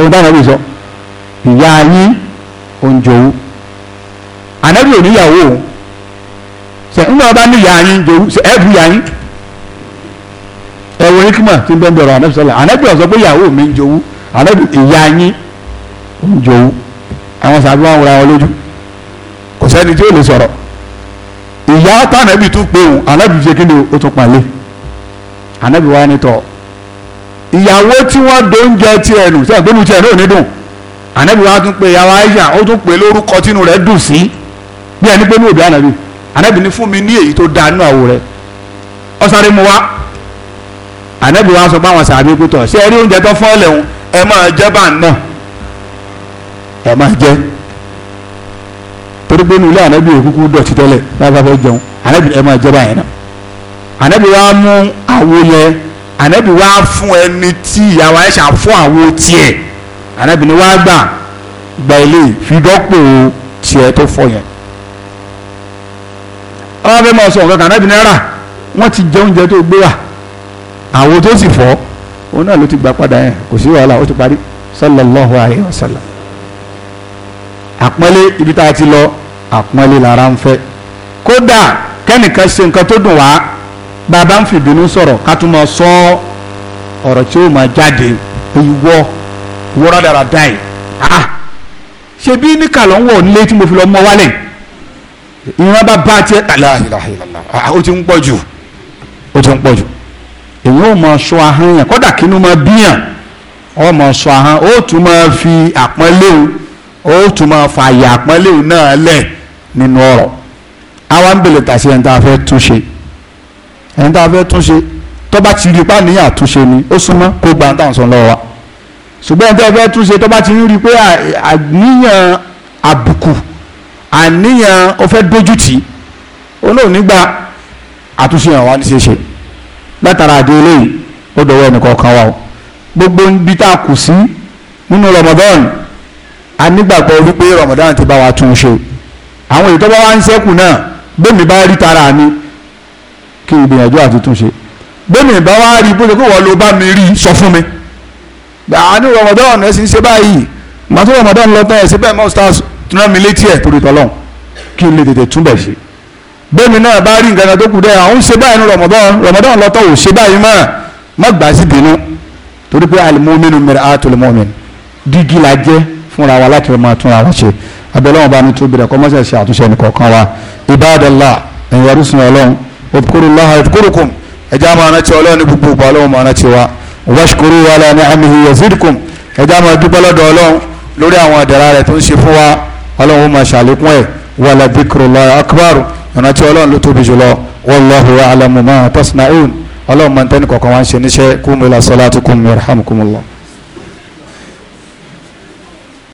ẹ̀wọ̀n táwọn ọ̀bí sọ ìyá yín òǹjòwú ànábì ò níyàwó o ṣe ń bá ní ìyá yín jòwú ṣe ẹ̀ fún ìyá yín ẹ̀wọ̀n ikima tí ń bẹ́ẹ̀ bẹ̀rọ̀ ànábì sọlá ànábì ó sọ pé ìyàwó mi ń jòwú ànábì ìyá yín òǹjòwú àwọn sàbí wọn wura wọn lójú kò sẹ́ni tí ó lè sọ̀rọ̀ ìyá tànàbì tún pé òun ànábì fi kí ni ó tún palẹ̀ ànábì wa ni tọ̀ ìyàwó tí wọ́n dóúnjẹ tiẹ̀ nù sí àgbélù tiẹ̀ náà nídùn ànábì wa tún pe ìyàwó Aisha ó tún pe lórúkọ tínú rẹ dùn sí bí ẹni pé ní ní fún mi ní èyí tó da nínú àwò ọ mu wa sọ pé àwọn sàbí tọ̀ ṣé ẹ rí oúnjẹ tó fọ́ ẹ máa jẹ́ bá ń ẹ máa jẹ́ torí pé ilé òkúkú dọ̀tí tẹ́lẹ̀ jẹun ẹ máa jẹ́ náà wa mú ànábì wá fún ẹni tí ìyàwó àyíṣà fún àwọn tiẹ̀ ànábì ni wá gbà gba ilé fi dọ́pò tiẹ̀ tó fọ yẹn ọlọ́run fẹ́ máa sọ nǹkan kan ànábì ni rà wọ́n ti jẹ oúnjẹ tó gbé wà àwo tó sì fọ́ òun náà ló ti gbà padà yẹn kò sí wàhálà ó ti parí sallallahu alayhi wa sallam àpọ́nlé ibi tá a ti lọ àpọ́nlé lára ń fẹ́ kódà kẹ́nìkan ṣe nǹkan tó dùn wá bàbá ń fìbínú sọ̀rọ̀ ká tún máa sọ ọ̀rọ̀ tí ó máa jáde ìwọ ìwọ rádàrà dáì ah ṣe bí ní kàlọ́wọ̀ nílé tí mo fi lọ mọ wálẹ̀ ìran bá bá tiẹ̀ aláìláìláìlá ó ti ń pọ̀ jù ó ti ń pọ̀ jù èyí ò máa sọ ahọ́n yẹn kódà kínú máa bíyàn ó máa sọ ahọ́n ó tún máa fi àpọ́nlé o ó tún máa fààyè àpọ́nlé o náà lẹ̀ nínú ọ̀rọ̀ àwa ń bèlè tàṣí ẹni tá a fẹ́ túnṣe ẹni tá a fẹ́ túnṣe tó bá ti rí pa níyàn àtúnṣe ni ó súnmọ́ kó gba tá à ń sọ lọ́wọ́ wa ṣùgbọ́n ẹni tá a fẹ́ túnṣe tó ti rí pé àníyàn àbùkù àníyàn ó fẹ́ dójú tì í olóòní gba àtúnṣe ṣeéṣe látara àdé eléyìí ó dọwọ́ ẹnìkọ̀ọ̀kan wa o gbogbo ibi tá a kù sí nínú Ramadan a nígbàgbọ́ wípé Ramadan ti bá wa tún un ṣe àwọn èyí tó bá ń ṣẹ́kù náà bẹ́ẹ̀ bá rí tara mi kí n gbìyànjú àti túnṣe bẹ́ẹ̀ni ìbá wa rí bó ṣe kó wọ́n lo bá mi rí sọ fún mi àánú rọmọdọ́ọ̀nù ẹ̀ sì ń ṣe báyìí màtún rọmọdọ́ọ̀nù lọ́tọ́ ẹ̀ sí bẹ́ẹ̀ mọ́ stars rán mi létí ẹ̀ torí tọ́lọ́ kí n lè tètè túnbẹ̀ ṣe bẹ́ẹ̀ni náà bá rí nǹkan kan tó kù dẹ́ àwọn ń ṣe báyìí rọmọdọ́ọ̀nù lọ́tọ́ ò ṣe báyìí mọ́ má gbà sí bínú torí pé alimominu mir'atul wadkurullaha yadkurukum ẹja máa rántí ọlọ́run ní gbogbo ìgbà ọlọ́run máa rántí wa washkuru ala ni'amihi yazidkum ẹja máa dúpẹ́ lọ́dọ̀ ọlọ́run lórí àwọn àdàrà rẹ̀ tó ń ṣe fún wa ọlọ́run ó máa ṣàlékún ẹ̀ wala dhikrullahi akbar rántí ọlọ́run ló tóbi jùlọ wallahu a'lamu ma tasna'un ọlọ́run máa kọ̀ọ̀kan wá ń ṣe níṣẹ́ kumu ila salatikum yarhamukumullah.